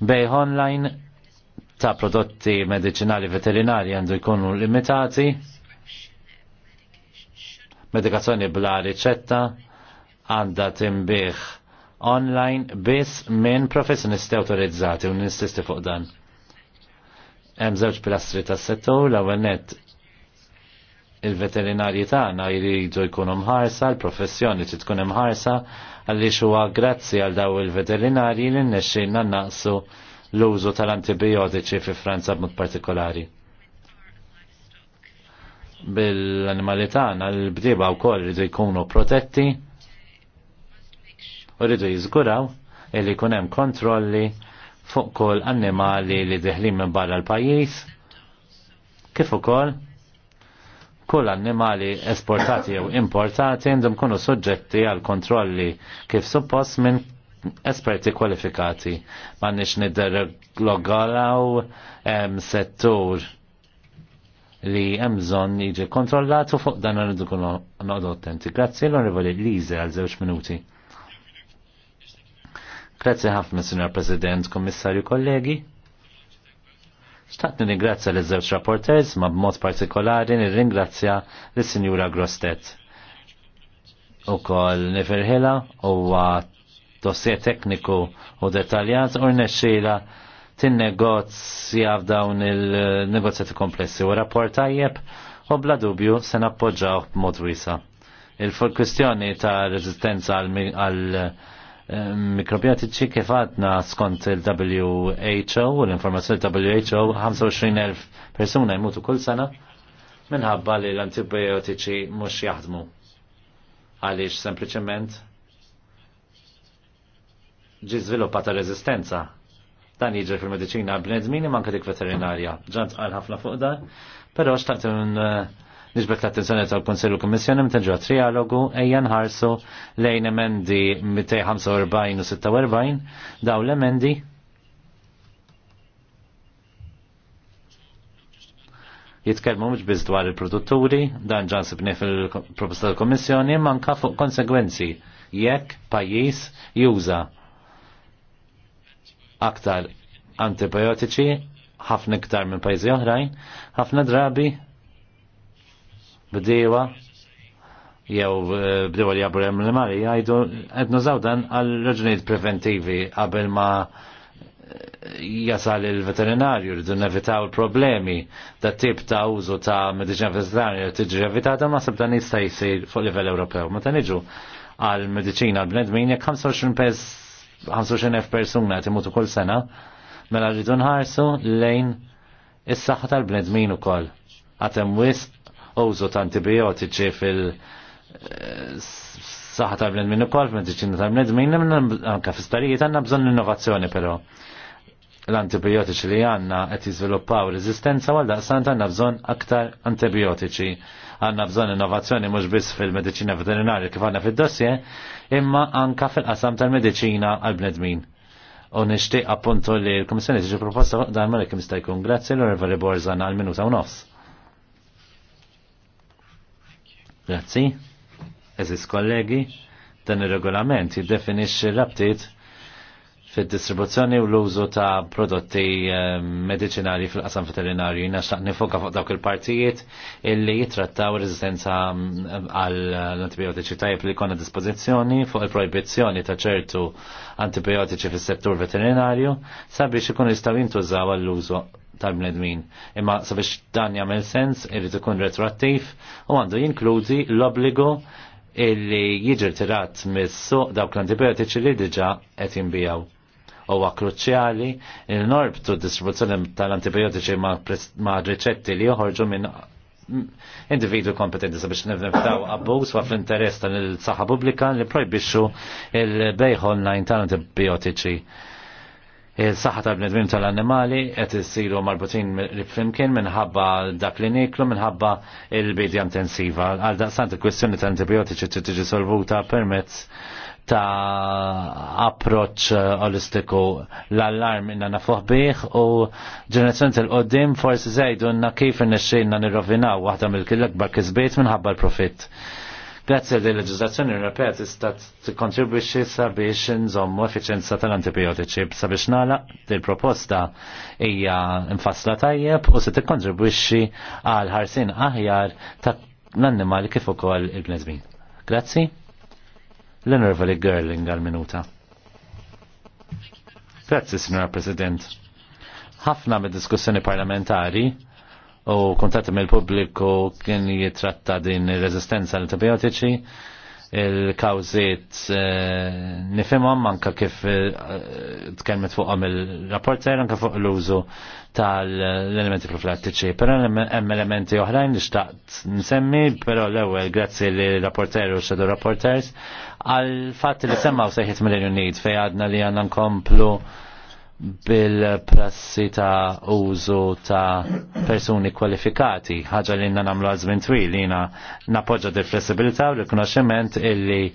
Bej online ta' prodotti medicinali veterinari għandu jkunu limitati, medikazzjoni bla ricetta għanda timbih online biss minn professjonisti autorizzati u ninsisti fuq dan Hemm żewġ pilastri tas-settur l-ewwel nett il-veterinarji tagħna jridu jkunu mħarsa, l-professjoni trid tkun imħarsa għaliex huwa grazzi għal daw il-veterinarji li nnexxinna naqsu l-użu tal-antibiotiċi fi Franza b'mod partikolari. Bil-animali tagħna l-bdiba wkoll jridu jkunu protetti u rridu jiżguraw illi jkun hemm kontrolli fuq kol annimali li deħlin minn barra l-pajis, kif ukoll kull annimali esportati jew importati għandhom kunu soġġetti għal kontrolli kif suppost minn esperti kwalifikati. Ma nix nidderlogalaw settur li emżon jiġi u fuq dan għandu kunu noqdu attenti. Grazzi l-onorevoli Lize għal żewġ minuti. Grazie ħafna, Signor President, Kommissarju, kollegi. Xtaqt nirringrazzja l-żewġ rapporters ma b'mod partikolari nirringrazzja l-Sinjura Grostet. U kol nifirħila u dossier tekniku u detaljat u rnexxila tinnegozja f'dawn il-negozjati komplessi u rapport tajjeb u bla dubju se nappoġġaw b'mod wiesa. Il-kwestjoni ta' rezistenza għal mikrobiotiċi kif għadna skont il-WHO u l-informazzjoni WHO 25.000 persuna jmutu kull sena minħabba li l-antibiotiċi mhux jaħdmu. Għaliex sempliċement ġi żviluppa ta' reżistenza. Dan jiġri fil-mediċina bnedmini manka dik veterinarja. Ġant għal ħafna fuq dan, però xtaqt eh, nisbet l-attenzjoni tal-Konsellu Kommissjoni mtenġu trialogu ejja ħarsu lejn emendi 245 u 46 daw l-emendi jitkellmu mhux biss dwar il-produtturi, dan ġan sibni fil-proposta tal-Kommissjoni, manka fuq konsegwenzi jekk pajjiż juża aktar antibiotiċi ħafna iktar minn pajjiżi oħrajn, ħafna drabi bdewa jew eh, bdewa li jabru li mari jgħidu għedna zawdan għal raġunijiet preventivi qabel ma eh, jasal il-veterinarju rridu nevitaw il-problemi da tip ta' użu ta' medicina veterinarju tiġi evitata ma' sabta' nista' jisir fuq livell Ewropew. Meta niġu għal medicina għal-bnedmin jek 25.000 persuna timutu kull sena, mela rridu nħarsu lejn is-saħħa tal-bnedmin ukoll. Għatem wist użu ta' antibiotiċi fil- eh, saħħa ta' bnedmin ukoll, kol, medicina tal-bnedmin, anka fil starijiet għandna bżonn innovazzjoni però. L-antibiotiċi li għandna qed jiżviluppaw rezistenza għal daqsant għandna bżonn aktar antibiotiċi. Għanna bżonn innovazzjoni mhux biss fil-medicina veterinarja kif għandna fid-dossier, imma anka fil-qasam tal-medicina għal-bnedmin u nishtiq appunto li l-Komissjoni tiġi proposta dan ma l-kim jkun. Grazzi l-Onorevoli Borzan għal minuta u nofs. Grazzi. Eżis kollegi, dan ir-regolament jiddefinixxi rabtiet fid-distribuzzjoni u l-użu ta' prodotti eh, medicinali fil-qasam veterinarju Naxtaq nifoka fuq dawk il-partijiet illi jitrattaw rezistenza mm, għall antibiotiċi tajb li jkollna dispożizzjoni fuq il-proibizzjoni ta' ċertu antibiotiċi fis settur veterinarju sabiex ikun jistaw jintużaw għall-użu tal-bnedmin. Imma sabiex dan jagħmel sens irid ikun retroattiv u għandu jinkludi l-obbligu illi jiġi tirat mis-suq dawk l-antibiotiċi li diġà qed jinbijaw huwa kruċjali il norbtu distribuzzjoni tal-antibiotiċi ma' riċetti li joħorġu minn individu kompetenti sabiex nifdaw abbuż wa fl-interess tal-saħħa pubblika li projbixxu il-bejħ online tal-antibiotiċi il-saħħa tal bnedmim tal-annimali qed issiru marbutin flimkien minħabba dak li niklu minħabba il-bidja intensiva. Għal daqsant il-kwestjoni ta' antibiotiċi trid tiġi solvuta permezz ta' approċ eh, olistiku l-allarm inna nafuħ bih u ġenerazzjoni tal-qoddim forsi zejdu inna kif inna nirrovinaw waħda mill-kill akbar kisbiet minħabba l-profitt. Grazzi għal din leġiżlazzjoni Ewropea tista' tikkontribwixxi sabiex nżommu effiċenza tal-antibiotiċi sabiex nagħlaq il proposta hija mfassla tajjeb u se tikkontribwixxi għal ħarsin aħjar ta' l-annimali kif ukoll il-bnedmin. Grazzi. L-Enervali Girling għal-minuta. Grazzi, Signora President. Ħafna mid-diskussjoni parlamentari u me mill pubbliku kien jitratta din il-rezistenza l-antibiotiċi il-kawżiet eh, nifimhom manka kif eh, tkellmet fuqhom il-rapporter anka fuq l-użu tal-elementi profilattiċi. Però hemm elementi oħrajn li xtaqt nsemmi, pero l-ewwel grazzi li rapporter u shadow rapporters għal fatt li semmaw sejħit mill-Unit fejn għadna li għandna nkomplu bil-prassi ta' użu ta' persuni kwalifikati, ħaġa li jina namlu għazmin twil, jina napoġġa di flessibilità u rikonoxximent illi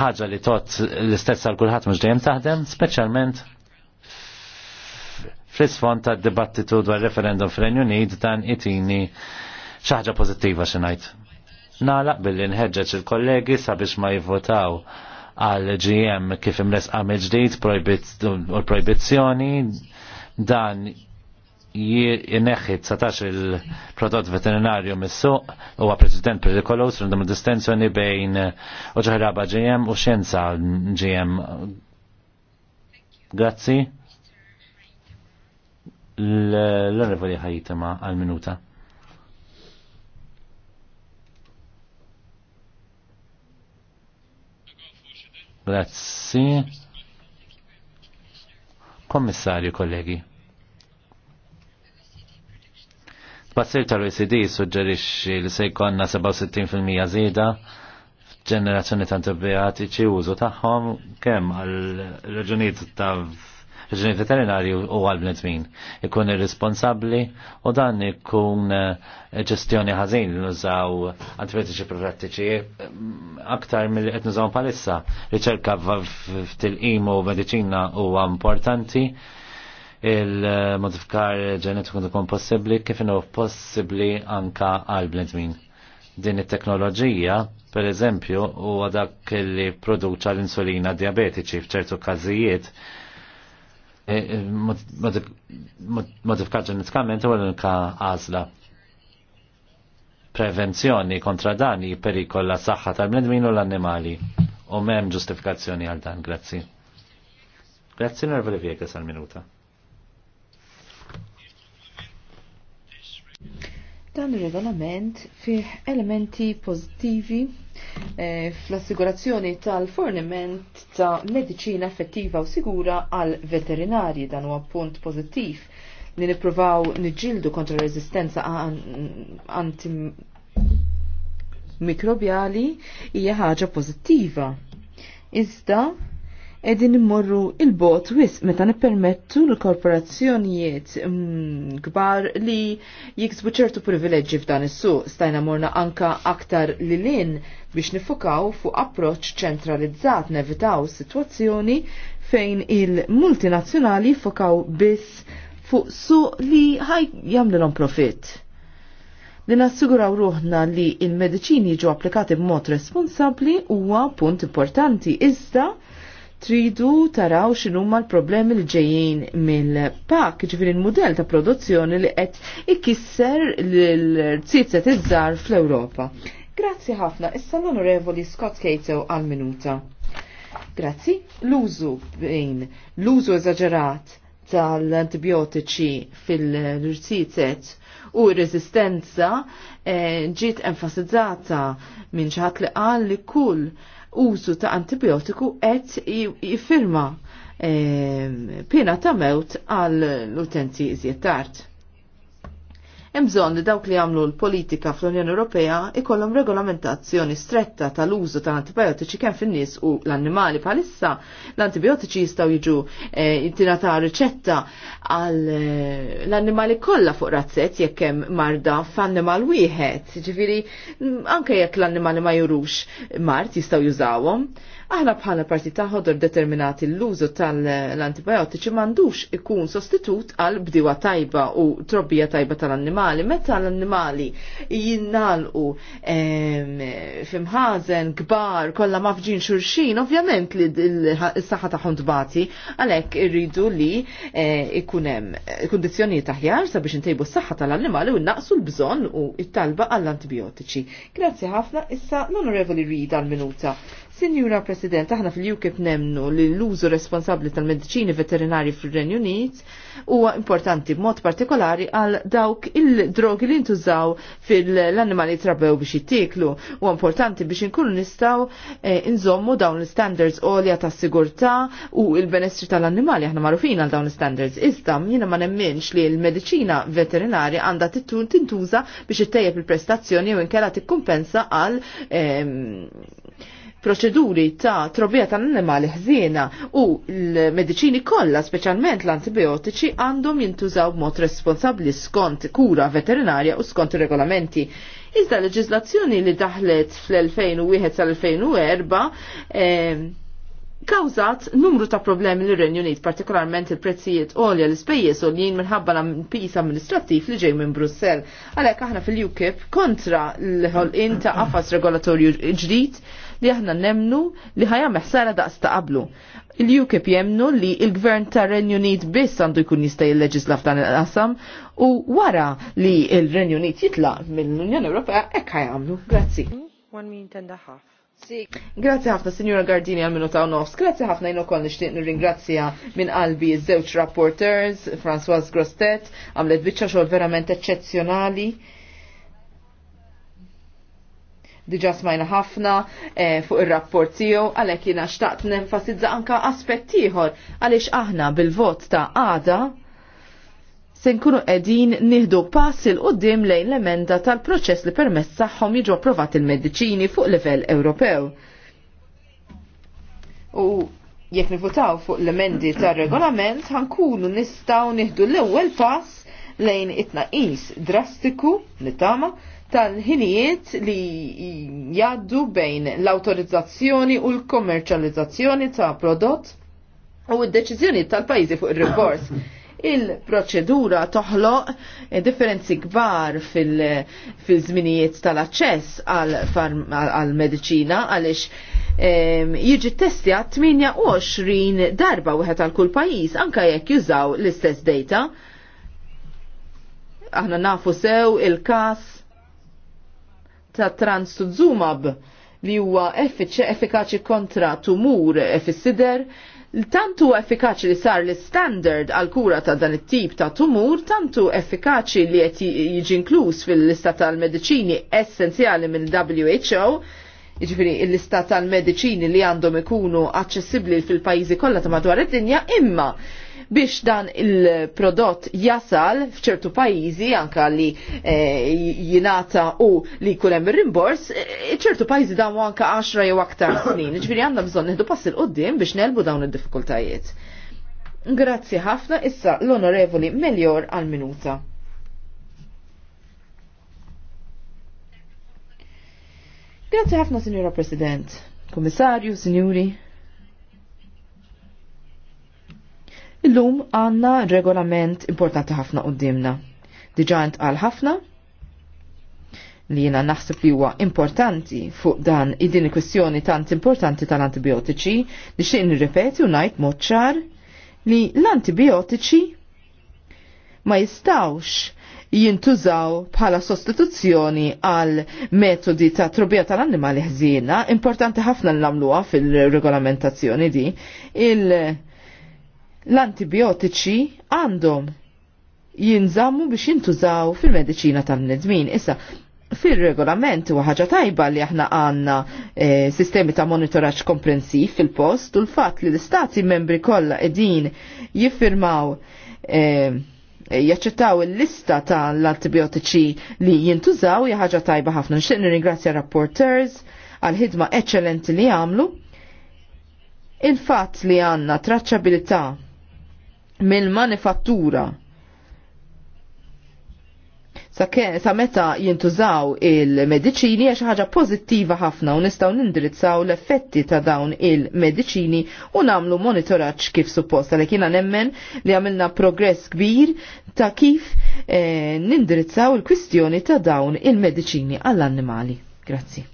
ħaġa li tot l-istess għal kulħadd mhux dejjem taħdem, speċjalment fl-isfond ta' dibattitu dwar referendum fl-Renju Unit dan itini xaħġa pozittiva xinajt. Nalaq billi nħedġeċ il-kollegi sabiex ma jivvotaw għal GM kif imles għamil ġdijt u l proibizzjoni dan jineħħit satax il-prodott veterinarju mis-suq u president perikolos rindum distenzjoni bejn uġħraba GM u xienza GM. Grazzi. L-onorevoli ħajitima għal-minuta. Grazzi. Kommissarju, kollegi. Passir tal-OECD suġġerixxi li se jkollna 67% żieda f'ġenerazzjoni ta' antibiotiċi użu tagħhom kemm għal raġunijiet ta' reġuni veterinarju u għal-bnedmin. Ikun irresponsabli u dan ikun eh, ġestjoni ħażin li nużaw antibiotiċi profilattiċi eh, aktar mill qed nużaw palissa. Riċerka f'tilqim u mediċina huwa importanti il-modifikar ġenetiku tkun possibbli kif inhu possibbli anka għal bnedmin. Din it-teknoloġija, per eżempju, huwa dak li produċa l-insulina diabetiċi f'ċertu każijiet modifikat nitkamment u l-unika għazla. Prevenzjoni kontra dan la saħħa tal-bnedmin u l-annimali. U mem ġustifikazzjoni għal dan, grazzi. Grazzi li vjekas għal minuta
Dan il-regolament fih elementi pozittivi Eh, fl-assigurazzjoni tal-forniment ta' medicina effettiva u sigura għal veterinari dan huwa punt pożittiv li nippruvaw niġġieldu kontra rezistenza antimikrobjali hija ħaġa pożittiva. Iżda edin immorru il-bot wis meta nippermettu l-korporazzjonijiet mm, kbar li jiksbu ċertu privileġġi f'dan is-suq stajna morna anka aktar li lin biex nifukaw fuq approċ ċentralizzat nevitaw situazzjoni fejn il-multinazzjonali fokaw biss fuq suq li ħaj jamlilhom profitt li nassiguraw ruħna li il mediċini ġu applikati b'mod responsabli huwa punt importanti iżda tridu taraw x'inhuma l-problemi li ġejjin mill-pak, ġifieri l-mudell ta' produzzjoni li qed ikisser l-tsitzet iż-żar fl-Ewropa. Grazzi ħafna, issa l-Onorevoli Scott Cato għal-minuta. Grazzi, l-użu bejn l-użu eżaġerat tal-antibiotiċi fil-tsitzet u r-rezistenza eh, ġiet enfasizzata minn xaħat li qal li kull użu ta' antibiotiku qed jiffirma eh, pina ta' mewt għall utenti iżjed tard hemm bżonn li dawk li għamlu l-politika fl-Unjoni Ewropea ikollhom regolamentazzjoni stretta tal-użu tal-antibiotiċi kemm fin-nies u l-annimali bħalissa l-antibiotiċi jistgħu jiġu e, riċetta għal eh, l-annimali kollha fuq razzett jekk hemm marda f'annimal wieħed. Ġifieri mm, anke jekk l-annimali ma jurux mart jistgħu jużawhom. Aħna bħala parti ħodor determinati l-użu tal-antibiotiċi mandux ikun sostitut għal bdiwa tajba u trobbija tajba tal-annimali. Meta l-annimali jinnalqu fimħazen, kbar, kollha mafġin xurxin, ovvjament li s-saħħa tagħhom tbati, għalhekk irridu li e, ikunem hemm kundizzjonijiet aħjar sabiex intejbu s-saħħa tal-annimali u naqsu l-bżonn u t talba għall-antibiotiċi. Grazzi ħafna issa l-Onorevoli Reid għal-minuta. Sinjura President, aħna fil-UKIP nemnu li l-użu responsabli tal-medicini veterinari fil-Renju Unit huwa importanti b'mod partikolari għal dawk il-drogi li ntużaw fil-annimali trabew biex jittiklu. U importanti biex inkunu nistaw nżommu eh, inżommu dawn l-standards għolja ta' sigurta u il-benessri tal-annimali aħna marufin għal dawn l-standards. Iżda jina ma nemminx li l-medicina veterinari għanda tittun tintuża biex ittejjeb il-prestazzjoni u inkella tikkumpensa għal ehm, proċeduri ta' trobija tal-annimali ħżiena u l-medicini kollha, speċjalment l-antibiotiċi, għandhom jintużaw mod responsabbli skont kura veterinarja u skont regolamenti. Iżda leġislazzjoni li daħlet fl-2001 sal-2004 eh, kawzat numru ta' problemi l renju Unit, partikolarment il-prezzijiet olja l-ispejjeż u l-jien minħabba la pis amministrattiv li ġej minn Brussell. Għalhekk aħna fil-UKIP kontra l-ħolqien ta' qafas regolatorju ġdid li aħna nemnu li ħajam ħsara daqs ta' qablu. Il-UKIP jemnu li il-gvern ta' Renju Unit biss għandu jkun jista' jilleġisla f'dan il-qasam u wara li il-Renju Unit jitlaq mill-Unjoni Ewropea hekk ħajamlu. Grazzi. One minute and a half. Grazie ħafna, Signora Gardini, għal minuta u nofs. Grazie ħafna jien kol nishtiq nirringrazzja minn qalbi zewċ rapporters, Françoise Grostet, għamlet biċċa xol verament eċċezzjonali diġa smajna ħafna eh, fuq ir-rapport tiegħu għalhekk jiena xtaqt nenfasizza anka aspett ieħor għaliex aħna bil-vot ta' għada se nkunu qegħdin nieħdu pass il qudiem lejn l-emenda tal-proċess li permess tagħhom jiġu approvat il-mediċini fuq livell Ewropew. U jekk nivutaw fuq l-emendi tar-regolament ħankunu nistgħu nieħdu l-ewwel pass lejn it drastiku li tama' tal-ħinijiet li jaddu bejn l-autorizzazzjoni u l-kommerċalizzazzjoni ta' prodott u d-deċizjoni tal-pajzi fuq il-rikors. Il-proċedura toħloq differenzi kbar fil-żminijiet fil tal-aċċess għal-medicina għaliex jiġi testja 28 darba wieħed għal kull pajjiż anke jekk jużaw l-istess data. Aħna nafu sew il-kas ta' transtuzumab li huwa effikaċi kontra tumur fis-sider, tantu effikaċi li sar l-standard għal kura ta' dan it-tip ta' tumur, tantu effikaċi li qed jiġi inkluż fil-lista tal-mediċini essenzjali mill-WHO, Jiġifieri l-lista tal-mediċini li għandhom ikunu aċċessibbli fil-pajjiżi kollha ta' madwar id-dinja, imma biex dan il-prodott jasal f'ċertu pajjiżi anka li eh, jinata u li jkun hemm ir-rimbors, eh, ċertu pajjiżi damu anka 10 jew aktar snin. Ġifieri għanna bżonn neħdu pass il biex nelbu dawn id-diffikultajiet. Grazzi ħafna issa l-Onorevoli Melior għal-minuta. Grazie ħafna, Signora President, Komissarju, Signori. Illum għanna regolament importanti ħafna qoddimna. Diġa għal ħafna li jena naħseb li huwa importanti fuq dan id-din kwestjoni tant importanti tal-antibiotiċi li xejn nirrepeti u ngħid mod ċar li l-antibiotiċi ma jistawx jintużaw bħala sostituzzjoni għal metodi ta' trobija tal-annimali ħżiena, importanti ħafna l-namluwa fil-regolamentazzjoni di, il- l-antibiotiċi għandhom jinżammu biex jintużaw fil-medicina tal-nedmin. Issa, fil-regolament u ħaġa tajba li aħna għanna e, sistemi ta' monitoraċ komprensiv fil-post u l-fat li l-istati membri kollha edin jiffirmaw e, jaċċettaw il-lista tal-antibiotiċi li jintużaw jaħġa ħaġa tajba ħafna. Nixtieq nirringrazzja rapporters għal-ħidma eċċellenti li għamlu. Il-fatt li għanna traċċabilità mill-manifattura sa, sa meta jintużaw il-medicini għax ħaġa pozittiva ħafna u nistaw nindirizzaw l-effetti ta' dawn il-medicini u namlu monitoraċ kif suppost. Għalek jina nemmen li għamilna progress kbir ta' kif eh, nindirizzaw il-kwistjoni ta' dawn il-medicini għall-annimali. Grazzi.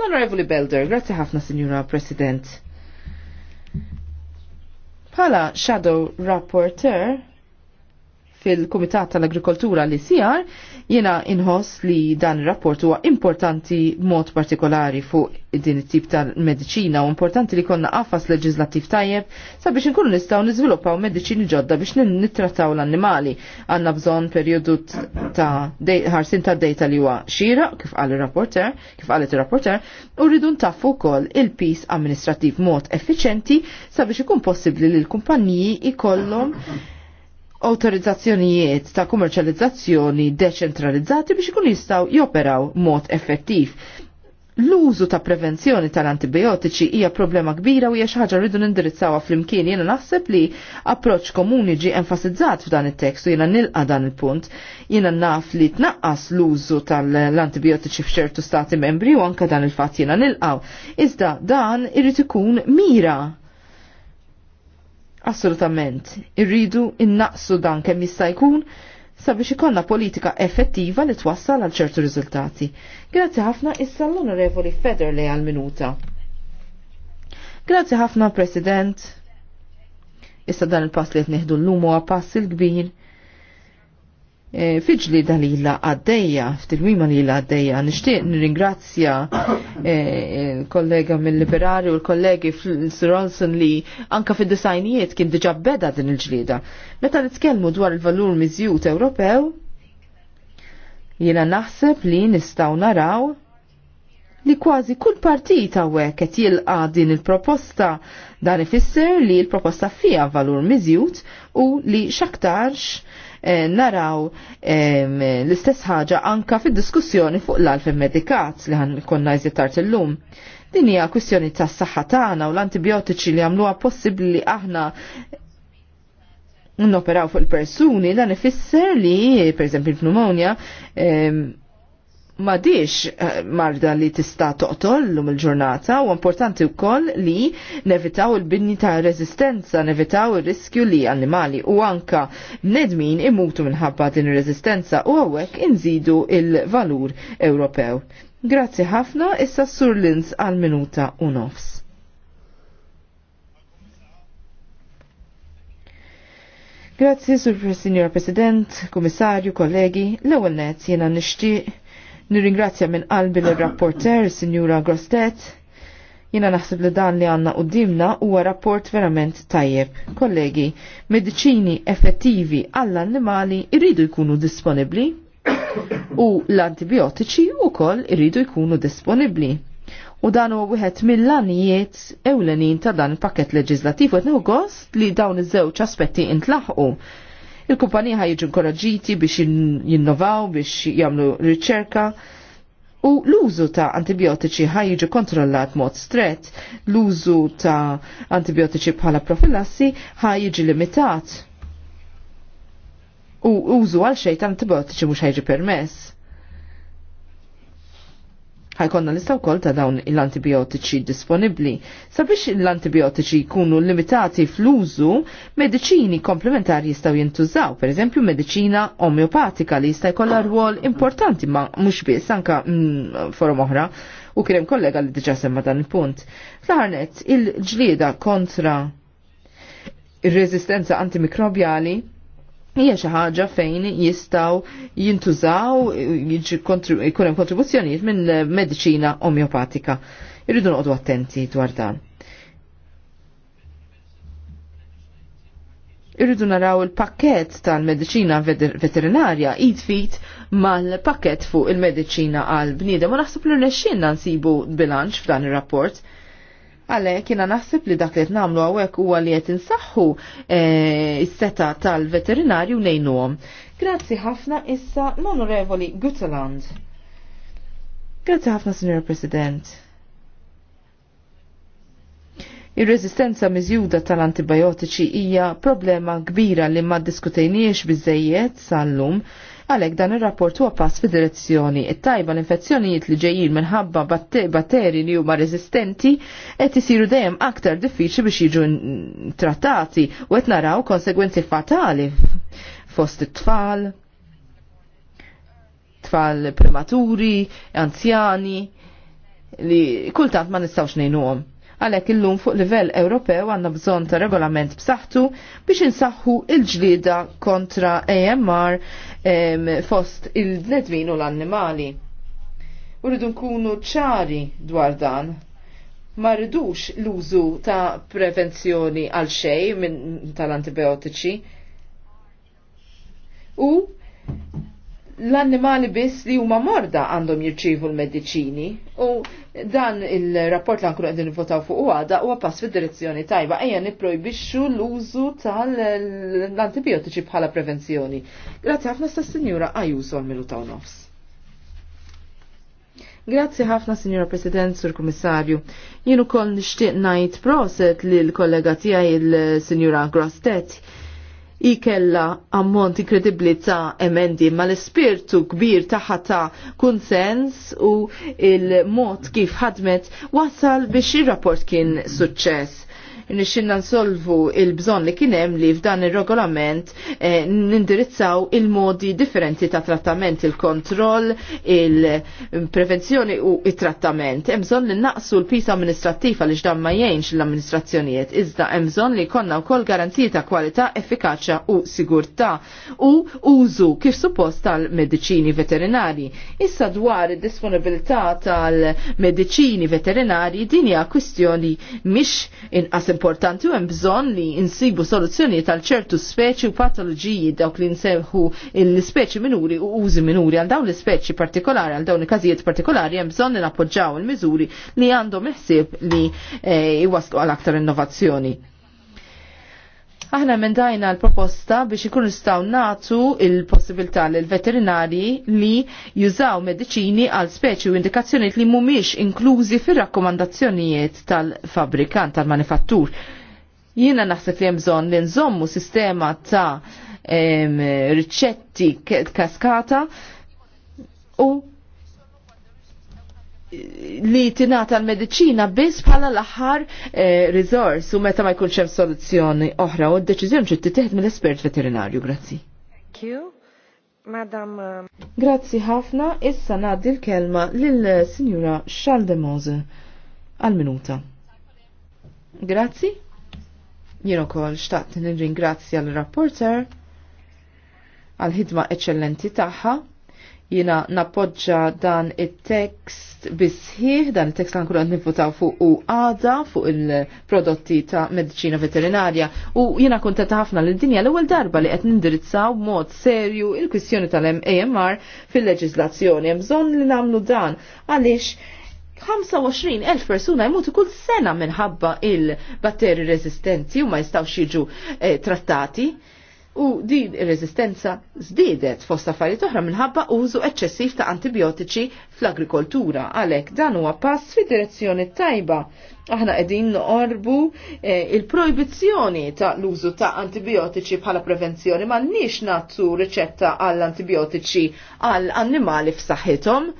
L-Onorevoli Belder, grazzi ħafna, Signora President. Pala Shadow Rapporteur fil-Kumitat tal-Agrikoltura li sijar, jena inħoss li dan il-rapport huwa importanti mod partikolari fuq din it-tip tal-medicina u importanti li konna għafas leġislattiv tajjeb sabiex nkunu nistgħu niżviluppaw mediċini ġodda biex nittrattaw l-annimali. Għandna bżonn perjodu ta' ħarsin ta' dejta li huwa xira kif qal ir-rapporter, kif qalet ir-rapporter, u rridu ntaffu wkoll il-pis amministrattiv mod effiċenti sabiex ikun possibbli li l-kumpanniji ikollhom autorizzazzjonijiet ta' kummerċjalizzazzjoni deċentralizzati biex ikun jistaw joperaw mod effettiv. L-użu ta' prevenzjoni tal-antibiotiċi hija problema kbira u hija xi ħaġa rridu nindirizzawha flimkien jiena naħseb li approċċ komuni ġi enfasizzat f'dan it-tekst u jiena nilqa dan il-punt. Jiena naf li tnaqqas l-użu tal-antibiotiċi f'ċertu stati membri u anke dan il-fatt jiena nilqaw. Iżda dan irid ikun mira Assolutament. Irridu innaqsu dan kemm jista' jkun sabiex ikollna politika effettiva li twassal għal ċertu riżultati. Grazzi ħafna issa l-Onorevoli Federley għal minuta. Grazzi ħafna President. Issa dan il-pass li qed nieħdu llum huwa pass il-kbir E, fiġli dalila għaddeja, f'tilmima li għaddeja, nishtiq nir-ingrazzja il-kollega e, e, mill-liberari u l-kollegi fl-Rolson li anka fid disajnijiet kien diġa beda din il-ġlida. Meta nitkellmu dwar il-valur mizjut Ewropew, jiena naħseb li nistaw naraw li kważi kull partit hawnhekk qed jilqa din il-proposta dan ifisser li l-proposta fija valur mizjut u li xaktarx Eh, naraw l-istess ħaġa anka fid-diskussjoni fuq l-alfen medikat li ħan konna l illum. Din hija kwistjoni tas-saħħa tagħna u l-antibiotiċi li għamluha possibbli aħna n-operaw fuq il-persuni dan ifisser li, per l pneumonia, madix eh, marda li tista toqtol lum il-ġurnata u importanti u koll li nevitaw il-binni ta' rezistenza, nevitaw il-riskju li animali u anka nedmin imutu minħabba din rezistenza u għawek inżidu il-valur Ewropew. Grazzi ħafna, issa surlins għal minuta u nofs. Grazzi, Sur Signor President, Komissarju, kollegi, l-ewel net jena nishtiq Nirringrazzja minn qalbi l-rapporter, Signora Grostet. Jina naħseb li dan li għanna u dimna huwa rapport verament tajjeb. Kollegi, medicini effettivi għall-annimali irridu jkunu disponibli u l-antibiotiċi u koll irridu jkunu disponibli. U dan huwa wieħed mill lanijiet ewlenin ta' dan il-pakket leġislattiv qed gost li dawn iż-żewġ aspetti intlaħqu Il-kumpanija ħaj inkoraġiti biex jinnovaw, biex jagħmlu riċerka. U l-użu ta' antibiotiċi ħajġu kontrollat mod stret, l-użu ta' antibiotiċi bħala profilassi ħajġi limitat. U użu għal xejn ta' antibiotiċi mhux ħajġi permess ħajkonna lista wkoll ta' dawn l-antibiotiċi disponibbli. Sabiex l-antibiotiċi jkunu limitati fl-użu, mediċini komplementari jistgħu jintużaw, pereżempju mediċina omeopatika li jista' jkollha rwol importanti ma mhux biss anka mm, forom oħra u kien hemm kollega li diġa' semma dan il-punt. Fl-ħarnet il-ġlieda kontra il reżistenza antimikrobjali hija xi ħaġa fejn jistgħu jintużaw jkun hemm kontribuzzjonijiet minn mediċina omeopatika. Irridu noqogħdu attenti dwar dan. Irridu naraw il-pakket tal-mediċina veterinarja id-fit mal-pakket fuq il-mediċina għal bniedem u naħseb li nexxinna nsibu bilanċ f'dan ir-rapport. Għalhekk jiena naħseb li dak li qed nagħmlu hawnhekk huwa li qed insaħħu eh, seta tal-veterinarju lejnuhom. Grazzi ħafna issa l-Onorevoli Gutteland. Grazzi ħafna, Signor President. ir rezistenza miżjuda tal-antibiotiċi hija problema kbira li ma diskutejniex biżejjed sal-lum Għalek dan il-rapport huwa pass fi direzzjoni it-tajba l-infezzjonijiet li ġejjin minħabba batteri li huma rezistenti qed isiru dejjem aktar diffiċli biex jiġu trattati u qed naraw konsegwenzi fatali fost it-tfal, tfal prematuri, anzjani, li kultant ma nistawx nejnuhom. Għalhekk illum fuq livell Ewropew għandna bżonn ta' regolament b'saħħtu biex insaħħu il-ġlieda kontra AMR em, fost il-bnedmin u l-annimali. Uridu nkunu ċari dwar dan ma rridux l-użu ta' prevenzjoni għal xej minn tal-antibiotiċi u l-annimali biss li huma morda għandhom jirċivu l-mediċini u dan il-rapport l-ankru għedin votaw fuq għada u għapass fil-direzzjoni tajba ejja niprojbixxu l-użu tal-antibiotiċi bħala prevenzjoni. Grazie ħafna sta' senjura għajużu għal-milu ta' nofs. Grazie ħafna, Signora President, Sur Komissarju. Jienu kol nishtiq najt proset li l-kollega tijaj il-Signora Grostet ikella ammont inkredibbli ta' emendi ma l-ispirtu kbir taħħa ta' kunsens u il-mod kif ħadmet wasal biex ir rapport kien suċċess nixinna nsolvu il-bżon li kienem li f'dan il-regolament eh, nindirizzaw il-modi differenti ta' trattament, il-kontroll, il-prevenzjoni u il-trattament. Emżon li naqsu l-pis amministrativa li ġdan ma jgħinx l-amministrazzjonijiet, iżda emżon li konna u koll garanzija ta' kwalità, effikaċa u sigurtà u użu kif suppost tal-medicini veterinari. Issa dwar id-disponibilità tal-medicini veterinari dinja kwistjoni mhix asem importanti u hemm bżonn li insibu soluzzjonijiet għal ċertu speċi u patoloġiji dawk li nsejħu l-speċi minuri u użi minuri għal dawn l-speċi partikolari għal dawn il-każijiet partikolari hemm bżonn li nappoġġaw il-miżuri li għandhom iħsieb li eh, iwaslu għal aktar innovazzjoni. Aħna mendajna l-proposta biex ikun nistaw natu il-possibilità l veterinari li jużaw mediċini għal speċi u indikazzjoniet li mumiex inklużi fir-rakkomandazzjonijiet tal-fabrikant tal-manifattur. Jiena naħseb li hemm bżonn li nżommu sistema ta' riċetti kaskata u li tingħata l medicina biss bħala l-aħħar eh, rizors u meta ma jkunx hemm soluzzjoni oħra u d-deċiżjoni trid titieħed mill-espert veterinarju. Grazzi. Thank you. Madam. Eh, Grazzi ħafna, issa ngħaddi l-kelma lill-Sinjura Mose għal-minuta. Grazzi. Jien ukoll xtaqt nirringrazzja l-rapporter għal ħidma eċċellenti tagħha jina nappoġġa dan it-tekst bisħiħ, dan it-tekst għan kullan fuq u għada fuq il-prodotti ta' medicina veterinarja u jina kontenta ħafna l-dinja l-ewel darba li qed nindirizzaw mod serju il-kwistjoni tal mamr fil-leġizlazzjoni. Bżon li namlu dan għaliex 25.000 persuna jmutu kull sena minħabba il-batteri resistenti u ma jistawx jiġu eh, trattati u din ir-reżistenza zdidet fost affarijiet oħra minħabba użu eċċessiv ta' antibiotiċi fl-agrikoltura. Għalhekk dan huwa pass fi direzzjoni tajba. Aħna qegħdin noqorbu eh, il-projbizzjoni ta' l-użu ta' antibiotiċi bħala prevenzjoni ma nix nagħtu riċetta għall-antibiotiċi għall annimali f'saħħithom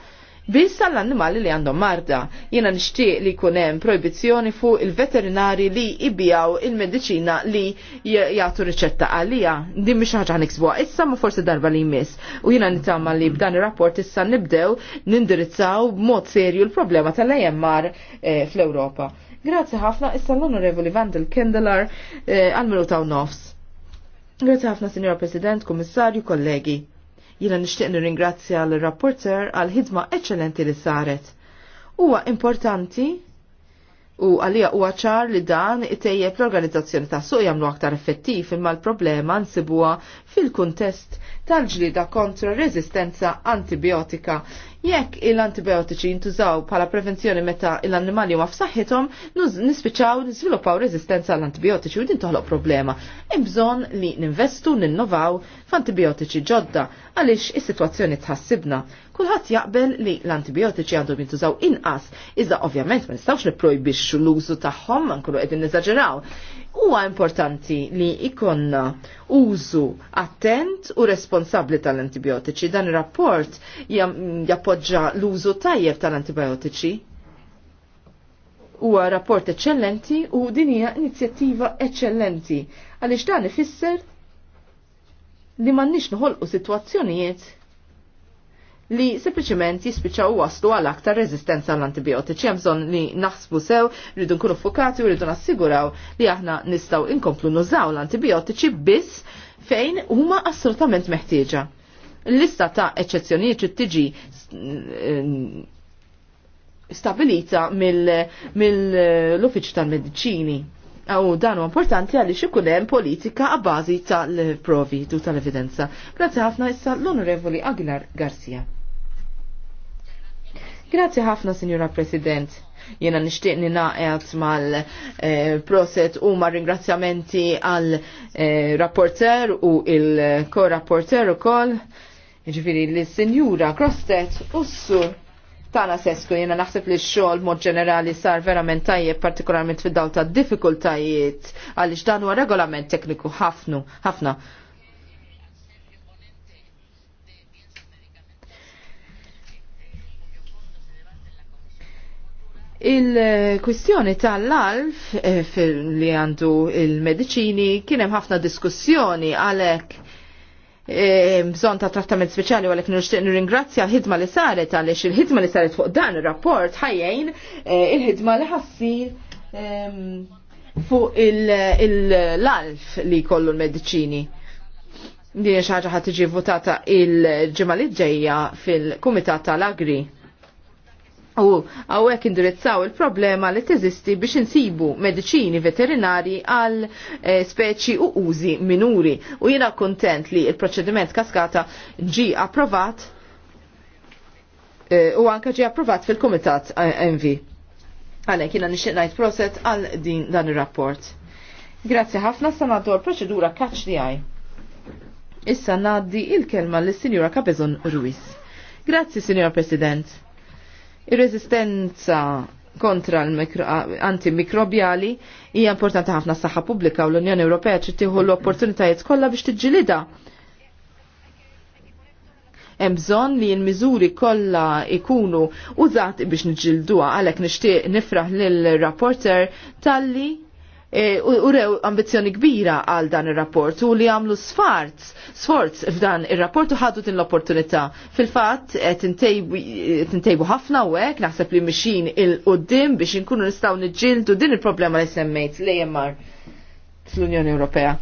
biss l annimali li għandhom marda. Jiena nixtieq li jkun hemm proibizzjoni fuq il-veterinari li ibijaw il-mediċina li jagħtu riċetta għalija. Din mhix ħaġa ħniksbuha issa ma forsi darba li jmiss. U jiena nitama li b'dan ir-rapport issa nibdew nindirizzaw b'mod serju l-problema tal-AMR eh, fl-Ewropa. Grazzi ħafna issa l-Onorevoli Vandel Kendelar eh, għal-minuta u nofs. Grazzi ħafna, Signora President, Kummissarju, kollegi. Jina nishtiqni nirringrazzja l-rapporter għal ħidma eċċellenti li saret. Huwa importanti u għalija huwa ċar li dan itejjeb l-organizzazzjoni ta' suq jagħmlu aktar effettiv imma l-problema nsibuha fil-kuntest tal-ġlida kontra rezistenza antibiotika. Jekk il-antibiotiċi jintużaw bħala prevenzjoni meta l-annimali ma f'saħħithom, nispiċaw niżviluppaw rezistenza għall-antibiotiċi u din toħloq problema. Imbżon li ninvestu ninnovaw f'antibiotiċi ġodda għaliex is-sitwazzjoni tħassibna. Kulħadd jaqbel li l-antibiotiċi għandhom jintużaw inqas, iżda ovvjament ma nistgħux nipprojbixxu l-użu tagħhom, ankunu qegħdin neżaġeraw. Huwa importanti li ikonna użu attent u responsabli tal-antibiotiċi. Dan ir-rapport jappoġġa l-użu tajjeb tal-antibiotiċi huwa rapport eccellenti u din hija inizjattiva eccellenti għaliex dan ifisser li m'għandniex noħolqu sitwazzjonijiet li sempliciment jispiċaw waslu għal aktar rezistenza għall antibiotiċi hemm bżonn li naħsbu sew, rridu nkunu fukati u rridu nassiguraw li aħna nistgħu inkomplu nużaw l-antibiotiċi biss fejn huma assolutament meħtieġa. L-lista ta' eċċezzjonijiet tiġi eh, stabilita mill uffiċċju tal-medicini. U dan u importanti għalli xikun hemm politika bażi tal-provi u tal-evidenza. Grazzi ħafna issa l-Onorevoli Aguilar Garcia. Grazzi ħafna, Signora President. Jena nishtiq ninaqet mal-proset eh, u mar ringrazzjamenti għal eh, rapporter u il-ko-rapporter u koll, ġifiri l-Signora Krostet u s-sur tana sesku jena naħseb li xol mod ġenerali sar verament tajjeb partikolarment fid dawta diffikultajiet għaliex dan huwa regolament tekniku ħafnu ħafna Il-kwistjoni tal-alf eh, li għandu il-medicini kienem ħafna diskussjoni għalek eh, bżon ta' trattament speċjali għalek nirxtiq nirringrazzja l-ħidma li saret għalix il-ħidma li saret fuq dan il-rapport ħajjajn eh, il-ħidma li ħassir ehm, fuq il alf li kollu l-medicini. Din xaġa ħat tiġi votata il-ġimgħa li ġejja fil-Kumitat tal-Agri. U għawek indirizzaw il-problema li teżisti biex insibu medicini veterinari għal eh, speċi u użi minuri. U jina kontent li il-proċediment kaskata ġi approvat eh, u anka ġi approvat fil-Komitat eh, MV. Għalek jina ngħid proset għal din dan il-rapport. Grazzi ħafna sanador proċedura kaċ li għaj. Issa naddi il-kelma l-Sinjura Kabezon Ruiz. Grazzi, Sinjora President ir resistenza kontra l-antimikrobjali hija importanti ħafna s-saħħa pubblika u l-Unjoni Ewropea trid tieħu l-opportunitajiet kollha biex tiġġilida. Hemm bżonn li l-miżuri kollha ikunu użati biex niġġilduha għalhekk nixtieq nifraħ lill rapporter talli E, u rew ambizjoni kbira għal dan ir-rapport u li għamlu sfarz, sforz f'dan ir-rapport u ħadu din l-opportunità. Fil-fatt tintejbu ħafna u hekk naħseb li mixin il-qudiem biex inkunu nistgħu nġildu din il-problema li semmejt li jemmar fl-Unjoni Ewropea.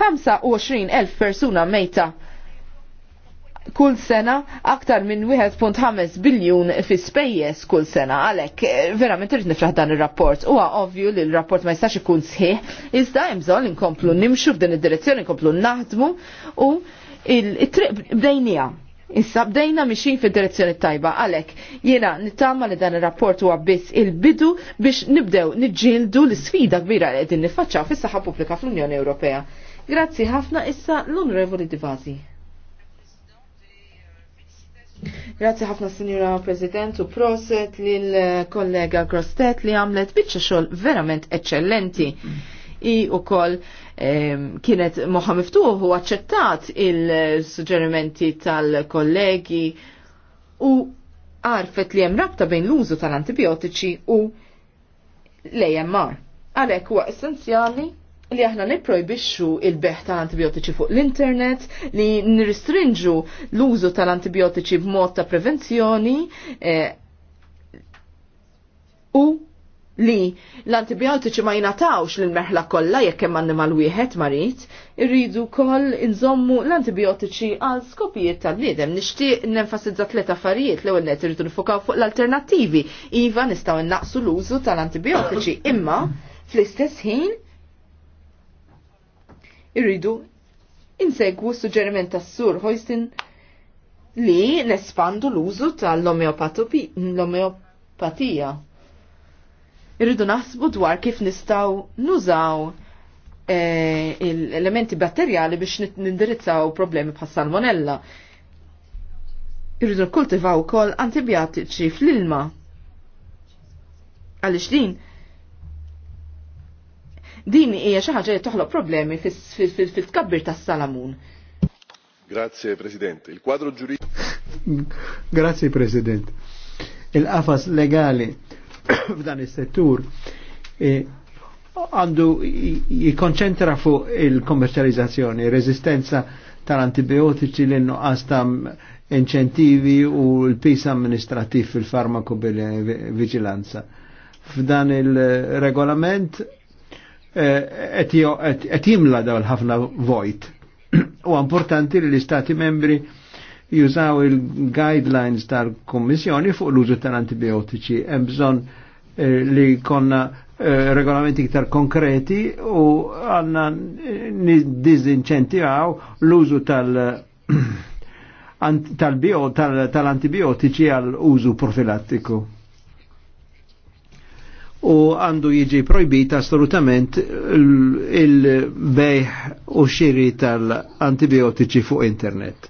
25,000 persuna mejta kull sena aktar minn 1.5 biljun fi spejjes kull sena għalek eh, verament irrid nifraħ dan ir-rapport. Huwa ovvju li l-rapport ma jistax ikun sħiħ, iżda hemm inkomplu nimxu f'din id-direzzjoni inkomplu naħdmu u il-triq bdejnija. Issa bdejna mixin fi direzzjoni tajba għalek jiena nittama li dan ir-rapport huwa biss il-bidu biex nibdew niġġieldu l-sfida kbira li qegħdin niffaċċaw fis-saħħa pubblika fl-Unjoni Ewropea. Grazzi ħafna issa l-Onorevoli Divazi. Grazie ħafna Sinjura President u proset lil eh, kollega Grostet li għamlet bieċa xol verament eccellenti. I u koll ehm, kienet moħa miftuħ u accettat il-suġġerimenti tal-kollegi u għarfet li jem rabta bejn l-użu tal-antibiotiċi u l-AMR. Għalek huwa essenzjali li aħna nipprojbixxu il-beħ tal-antibiotiċi fuq l-internet, li nirristrinġu l-użu tal-antibiotiċi b'mod ta' prevenzjoni eh, u li l-antibiotiċi ma jinatawx l-merħla kollha jekk hemm annimal wieħed marit, irridu koll inżommu l-antibiotiċi għal skopijiet tal-bniedem. Nixtieq nenfasizza tliet affarijiet l ewwel net irridu nifokaw fuq l-alternattivi. Iva nistgħu innaqsu l-użu tal-antibiotiċi imma fl-istess ħin irridu insegwu suġġeriment tas sur Hoistin li nespandu l-użu tal-omeopatija. Irridu naħsbu dwar kif nistaw nużaw eh, l-elementi batterjali biex nindirizzaw problemi bħas salmonella. Irridu kultivaw kol antibiotiċi fl-ilma. Għalix din, Din hija xi ħaġa li toħloq problemi fil tkabbir tas-salamun.
Grazie Presidente. Il quadro giuridico.
Grazie Presidente. Il-qafas legali f'dan is-settur e, għandu jikonċentra fuq il kommercializzazzjoni rezistenza tal-antibiotiċi l innu għastam inċentivi u l pisa amministrativ fil-farmako bil-vigilanza. F'dan il-regolament Eh, et jimla daw ħafna vojt. U importanti li l-Istati membri jużaw il-guidelines tal-Kommissjoni fuq l-użu tal-antibiotiċi. Embżon eh, li konna eh, regolamenti iktar konkreti u għanna dizinċentijaw l-użu tal- tal-antibiotiċi għal użu profilattiku u għandu jiġi projbit assolutament il-bejħ u xiri tal-antibiotiċi fuq internet.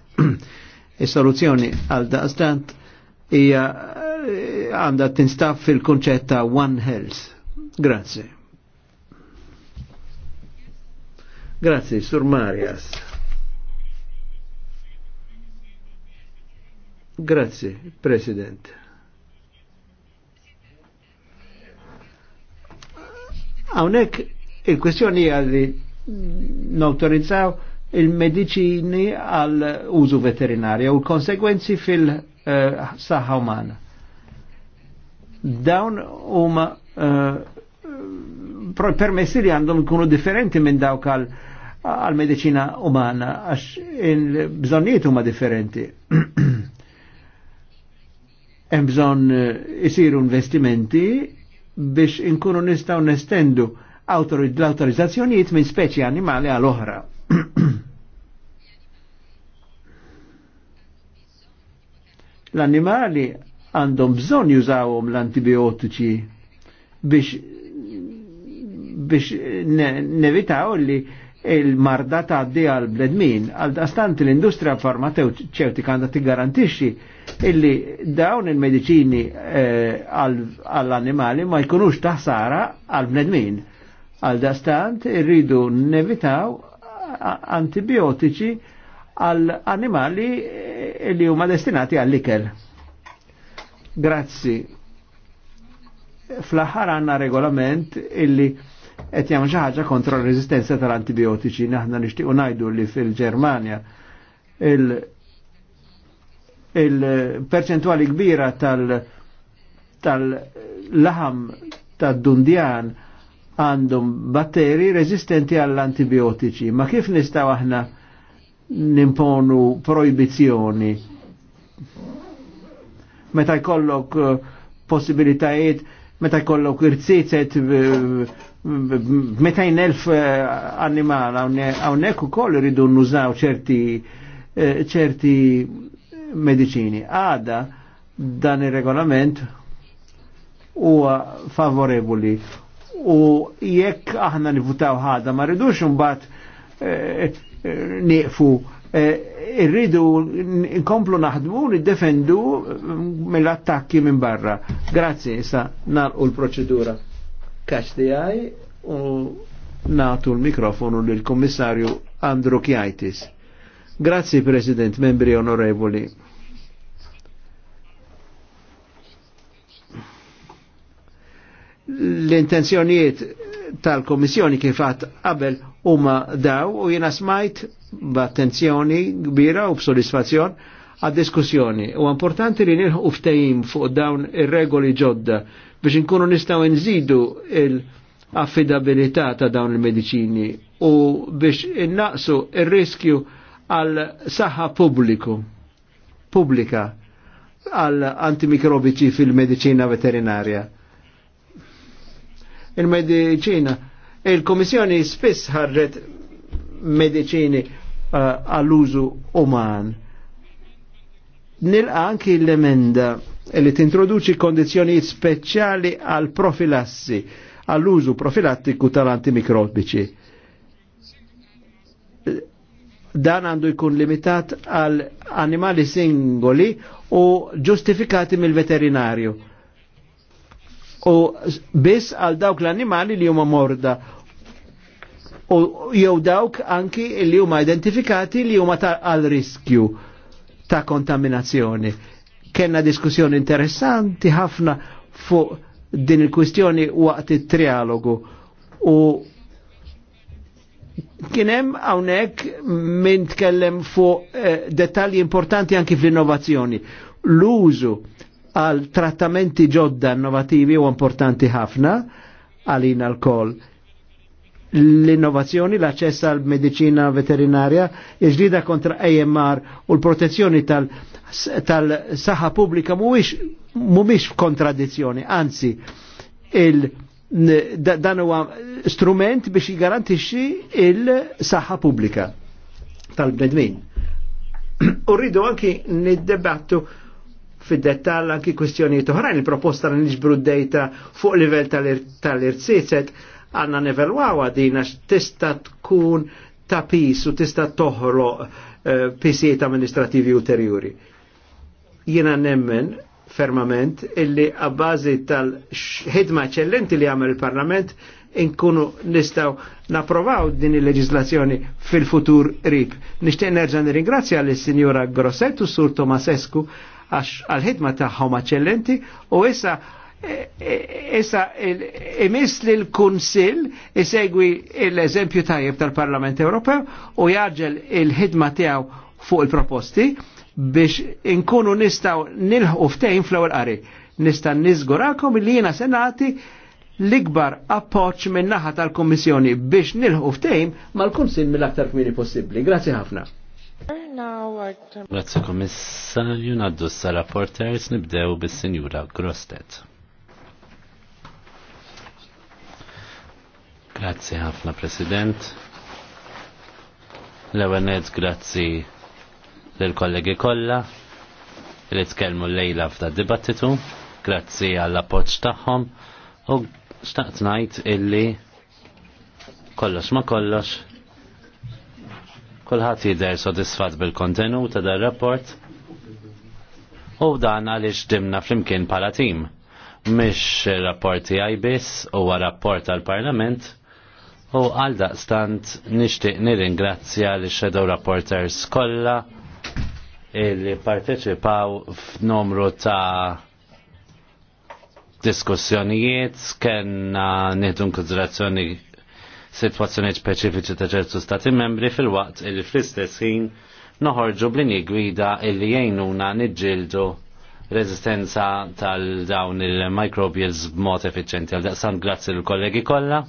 Is-soluzzjoni e għal daqstant hija eh, għandha tinstaff fil-konċett ta' One Health. Grazie. Grazie, Sur Marias. Grazie, President. għawnek il-kwestjoni għalli
li
nautorizzaw il medicini għal użu veterinarja u l-konsekwenzi fil-saħħa umana. Dawn huma eh, permessi li għandhom ikunu differenti minn dawk għal medicina umana għax il-bżonniet huma differenti. Hemm bżonn eh, isiru investimenti biex inkunu nistaw nestendu l-autorizzazzjonijiet minn speċi animali għal oħra. L-animali għandhom bżon jużawhom l-antibiotiċi biex biex nevitaw li il-marda ta' għaddi għal bledmin, għal dastant l-industrija farmaceutika għandha tigarantixxi illi dawn il-medicini eh, għall-animali ma jkunux taħsara għal bledmin. Għal dastant irridu nevitaw antibiotiċi għal animali eh, li huma destinati għall-ikel. Grazzi. Fl-aħħar għandna regolament illi qed jagħmel xi ħaġa kontra r-reżistenza tal-antibiotiċi. Naħna nixtiequ ngħidu li fil-Ġermanja il-perċentwali kbira tal-laħam tal laħam tal dundjan għandhom batteri resistenti għall-antibiotiċi. Ma kif nistaw aħna nimponu proibizjoni? Meta jkollok eh, possibilitajiet meta jkollok irzizet eh, 200.000 eh, animal hawnhekk ridu iridu nużaw ċerti eh, ċerti medicini. Għada dan il regolament huwa favorevoli u jekk aħna nivutaw ħada ma rridux mbagħad eh, nieqfu irridu nkomplu naħdmu nid-defendu mm, mill-attakki minn barra. Grazzi, issa nalqu l-proċedura kaċ DI u natu l-mikrofonu l komissarju Andru Kjajtis. Grazzi, President, membri onorevoli. l intenzjoniet tal-Komissjoni kifat qabel huma daw u jena smajt b'attenzjoni kbira u b'sodisfazzjon għad-diskussjoni. U importanti li nilħu ftejim fuq dawn ir-regoli ġodda biex inkunu nistaw nżidu l-affidabilità ta' dawn il-medicini u biex innaqsu ir-riskju għal saħħa pubbliku pubblika għal antimikrobiċi fil-medicina veterinarja. Il-medicina, il-Komissjoni spiss ħarret medicini uh, għall-użu uh, uman Nilqa anki l-emenda li tintroduċi kondizjoni speċjali għal profilassi, għall-użu profilattiku tal-antimikrobiċi. Dan għandu jkun limitat għal animali singoli u ġustifikati mill-veterinarju. U biss għal dawk l-animali li huma morda u jew dawk anki li huma identifikati li huma għal riskju ta' kontaminazzjoni. Kenna diskussjoni interessanti ħafna fuq din il-kwistjoni waqt it-trialogu u kienem għawnek minn tkellem fuq eh, dettalji importanti anki fl-innovazzjoni. L-użu għal trattamenti ġodda innovativi u importanti ħafna għalina l-koll l-innovazzjoni, l-aċċess għal medicina veterinarja, il-ġlida kontra AMR u l-protezzjoni tal-saħħa tal pubblika mhumiex f'kontradizzjoni, anzi il dan huwa strument biex jgarantixxi il-saħħa pubblika tal-bnedmin. U rridu anki niddebattu fid-dettall anki kwestjonijiet oħrajn il-proposta li nġbru d-dejta fuq livell tal-irsiset. tal għanna nevelwawa dina tista tkun ta' pis u tista toħro uh, amministrativi ulterjuri. Jena nemmen fermament illi għabbażi tal-ħidma eccellenti li għamel il-Parlament inkunu nistaw naprovaw din il-leġislazzjoni fil-futur rib. Nishtiq nerġa' nirringrazzja l signora Grosset Sur Tomasescu għal-ħidma tagħhom eccellenti u issa Issa, imis li l-Kunsil isegwi l-eżempju tajjeb tal-Parlament Ewropew u jaġel il-ħidma tiegħu fuq il-proposti biex inkunu nistaw nilħu ftejn fl-ewwel qari. Nista' nizgurakom li jiena senati l-ikbar appoċ min naħa tal kummissjoni biex nilħu ftejn mal-Kunsil mill-aktar kmini possibbli. Grazzi ħafna.
Grazzi Kommissarju, naddu s-rapporters nibdew bis-Sinjura Grostet. Grazzi ħafna, President. L-ewenet, grazzi lill kollegi kolla li tkellmu l-lejla f'da dibattitu, grazzi għall appoġġ tagħhom u xtaqt ngħid illi kollox ma kollox kulħadd jidher sodisfatt bil-kontenut ta' dar rapport u dan għaliex dimna flimkien bħala tim. Mish rapporti għaj biss huwa rapport għall-Parlament U għal daqstant nishtiq nir-ingrazzja li shadow rapporters kolla li parteċipaw f'numru ta' diskussjonijiet kena nidun konsiderazzjoni situazzjoni speċifiċi ta' ċertu stati membri fil-waqt illi fl-istess ħin noħorġu blini gwida illi jgħinuna nidġildu rezistenza tal-dawn il-microbials b'mod effiċenti. Għal daqsan grazzi l-kollegi kollha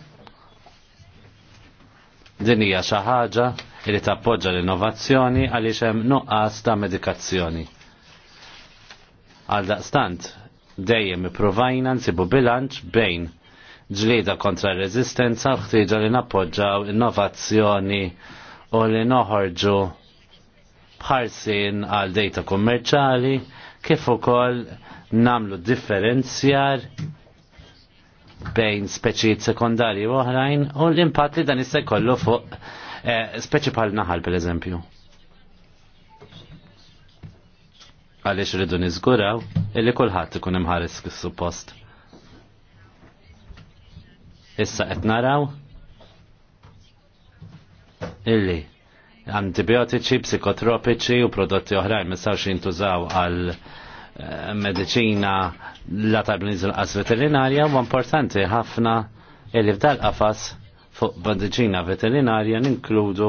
Din hija xi ħaġa li tappoġġa l-innovazzjoni għaliex hemm nuqqas ta' medikazzjoni. Għal daqstant, dejjem ipprovajna nsibu bilanċ bejn ġlieda kontra r-reżistenza u ħtieġa li nappoġġaw innovazzjoni u li noħorġu bħarsin għal dejta kummerċali kif ukoll namlu differenzjar bejn speċijiet sekondarji u oħrajn u l-impatt li dan issa jkollu fuq eh, speċi bħal naħal per eżempju. Għaliex rridu niżguraw illi kulħadd ikun imħares suppost. Issa qed naraw illi antibiotiċi, psikotropiċi u prodotti oħrajn ma jintużaw għal eh, medicina la tal l-qas veterinarja u importanti ħafna illi f'dal qafas fuq bandiġina veterinarja ninkludu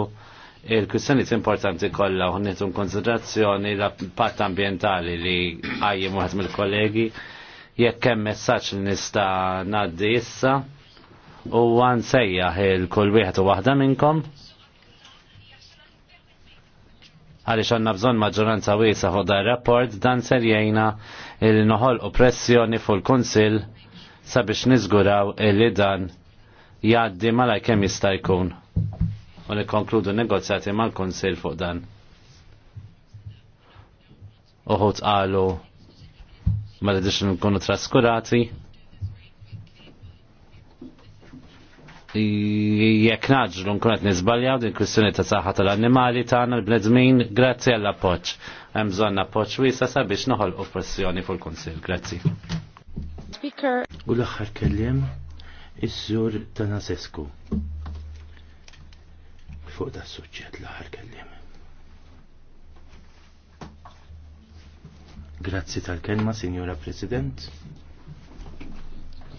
il-kwistjoniet importanti kollha u n konsiderazzjoni l-impatt ambjentali li għajjem waħed mill-kollegi jekk hemm messaġġ li nista' ngħaddi issa u għan sejjaħ il-kull wieħed u waħda minnkom għaliex għandna bżonn maġġoranza wiesa fuq dar rapport dan ser jgħinna il noħol oppressjoni pressjoni fuq il-Kunsill sabiex niżguraw li dan jgħaddi mala kemm jista' jkun. U nikkonkludu negozjati mal-Kunsill fuq dan. Uħut qalu ma rridix nkunu traskurati jekk naġlu nkunet nizbaljaw din kwistjoni ta' saħħa tal-annimali tagħna l-bnedmin grazzi għall appoġġ Hemm bżonn appoġġ wiesa sabiex noħolqu pressjoni fuq il-Kunsill. Grazzi. Speaker. U
l-aħħar kelliem is-sur Tanasescu. Fuq da' suġġett l-aħħar kelliem. Grazzi tal-kelma, Sinjora President.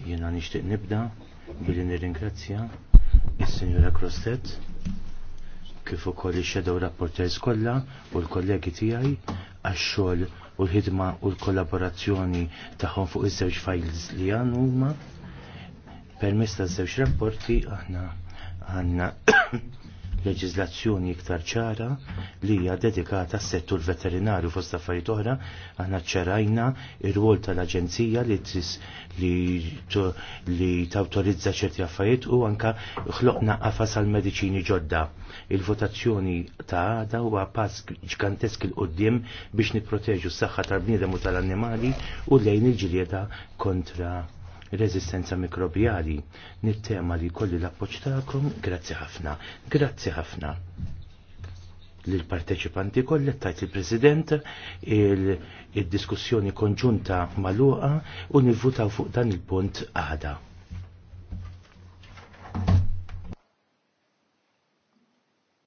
Jiena nixtieq nibda billi nirringrazzja is-Sinjura Crostet kif ukoll ix-shadow rapporters kollha u l-kollegi tiegħi għax-xogħol u l-ħidma u l-kollaborazzjoni tagħhom fuq iż-żewġ files li għan huma permezz taż-żewġ rapporti aħna għandna leġizlazzjoni iktar ċara li hija dedikata s-settur veterinarju fost affarijiet oħra aħna ċerajna ir-rwol tal-Aġenzija li li tawtorizza ċerti affarijiet u anka ħloqna qafas għal mediċini ġodda. Il-votazzjoni ta' għada huwa pass ġgantesk il qoddim biex nipproteġu s-saħħa tal-bniedem u tal-annimali u lejn il-ġilieda kontra rezistenza mikrobjali. Nittema li kolli l-appoċ ta'kom, grazzi ħafna, grazzi ħafna l-parteċipanti kollha tajt il-President il-diskussjoni konġunta maluqa u nivvutaw fuq dan il-punt għada.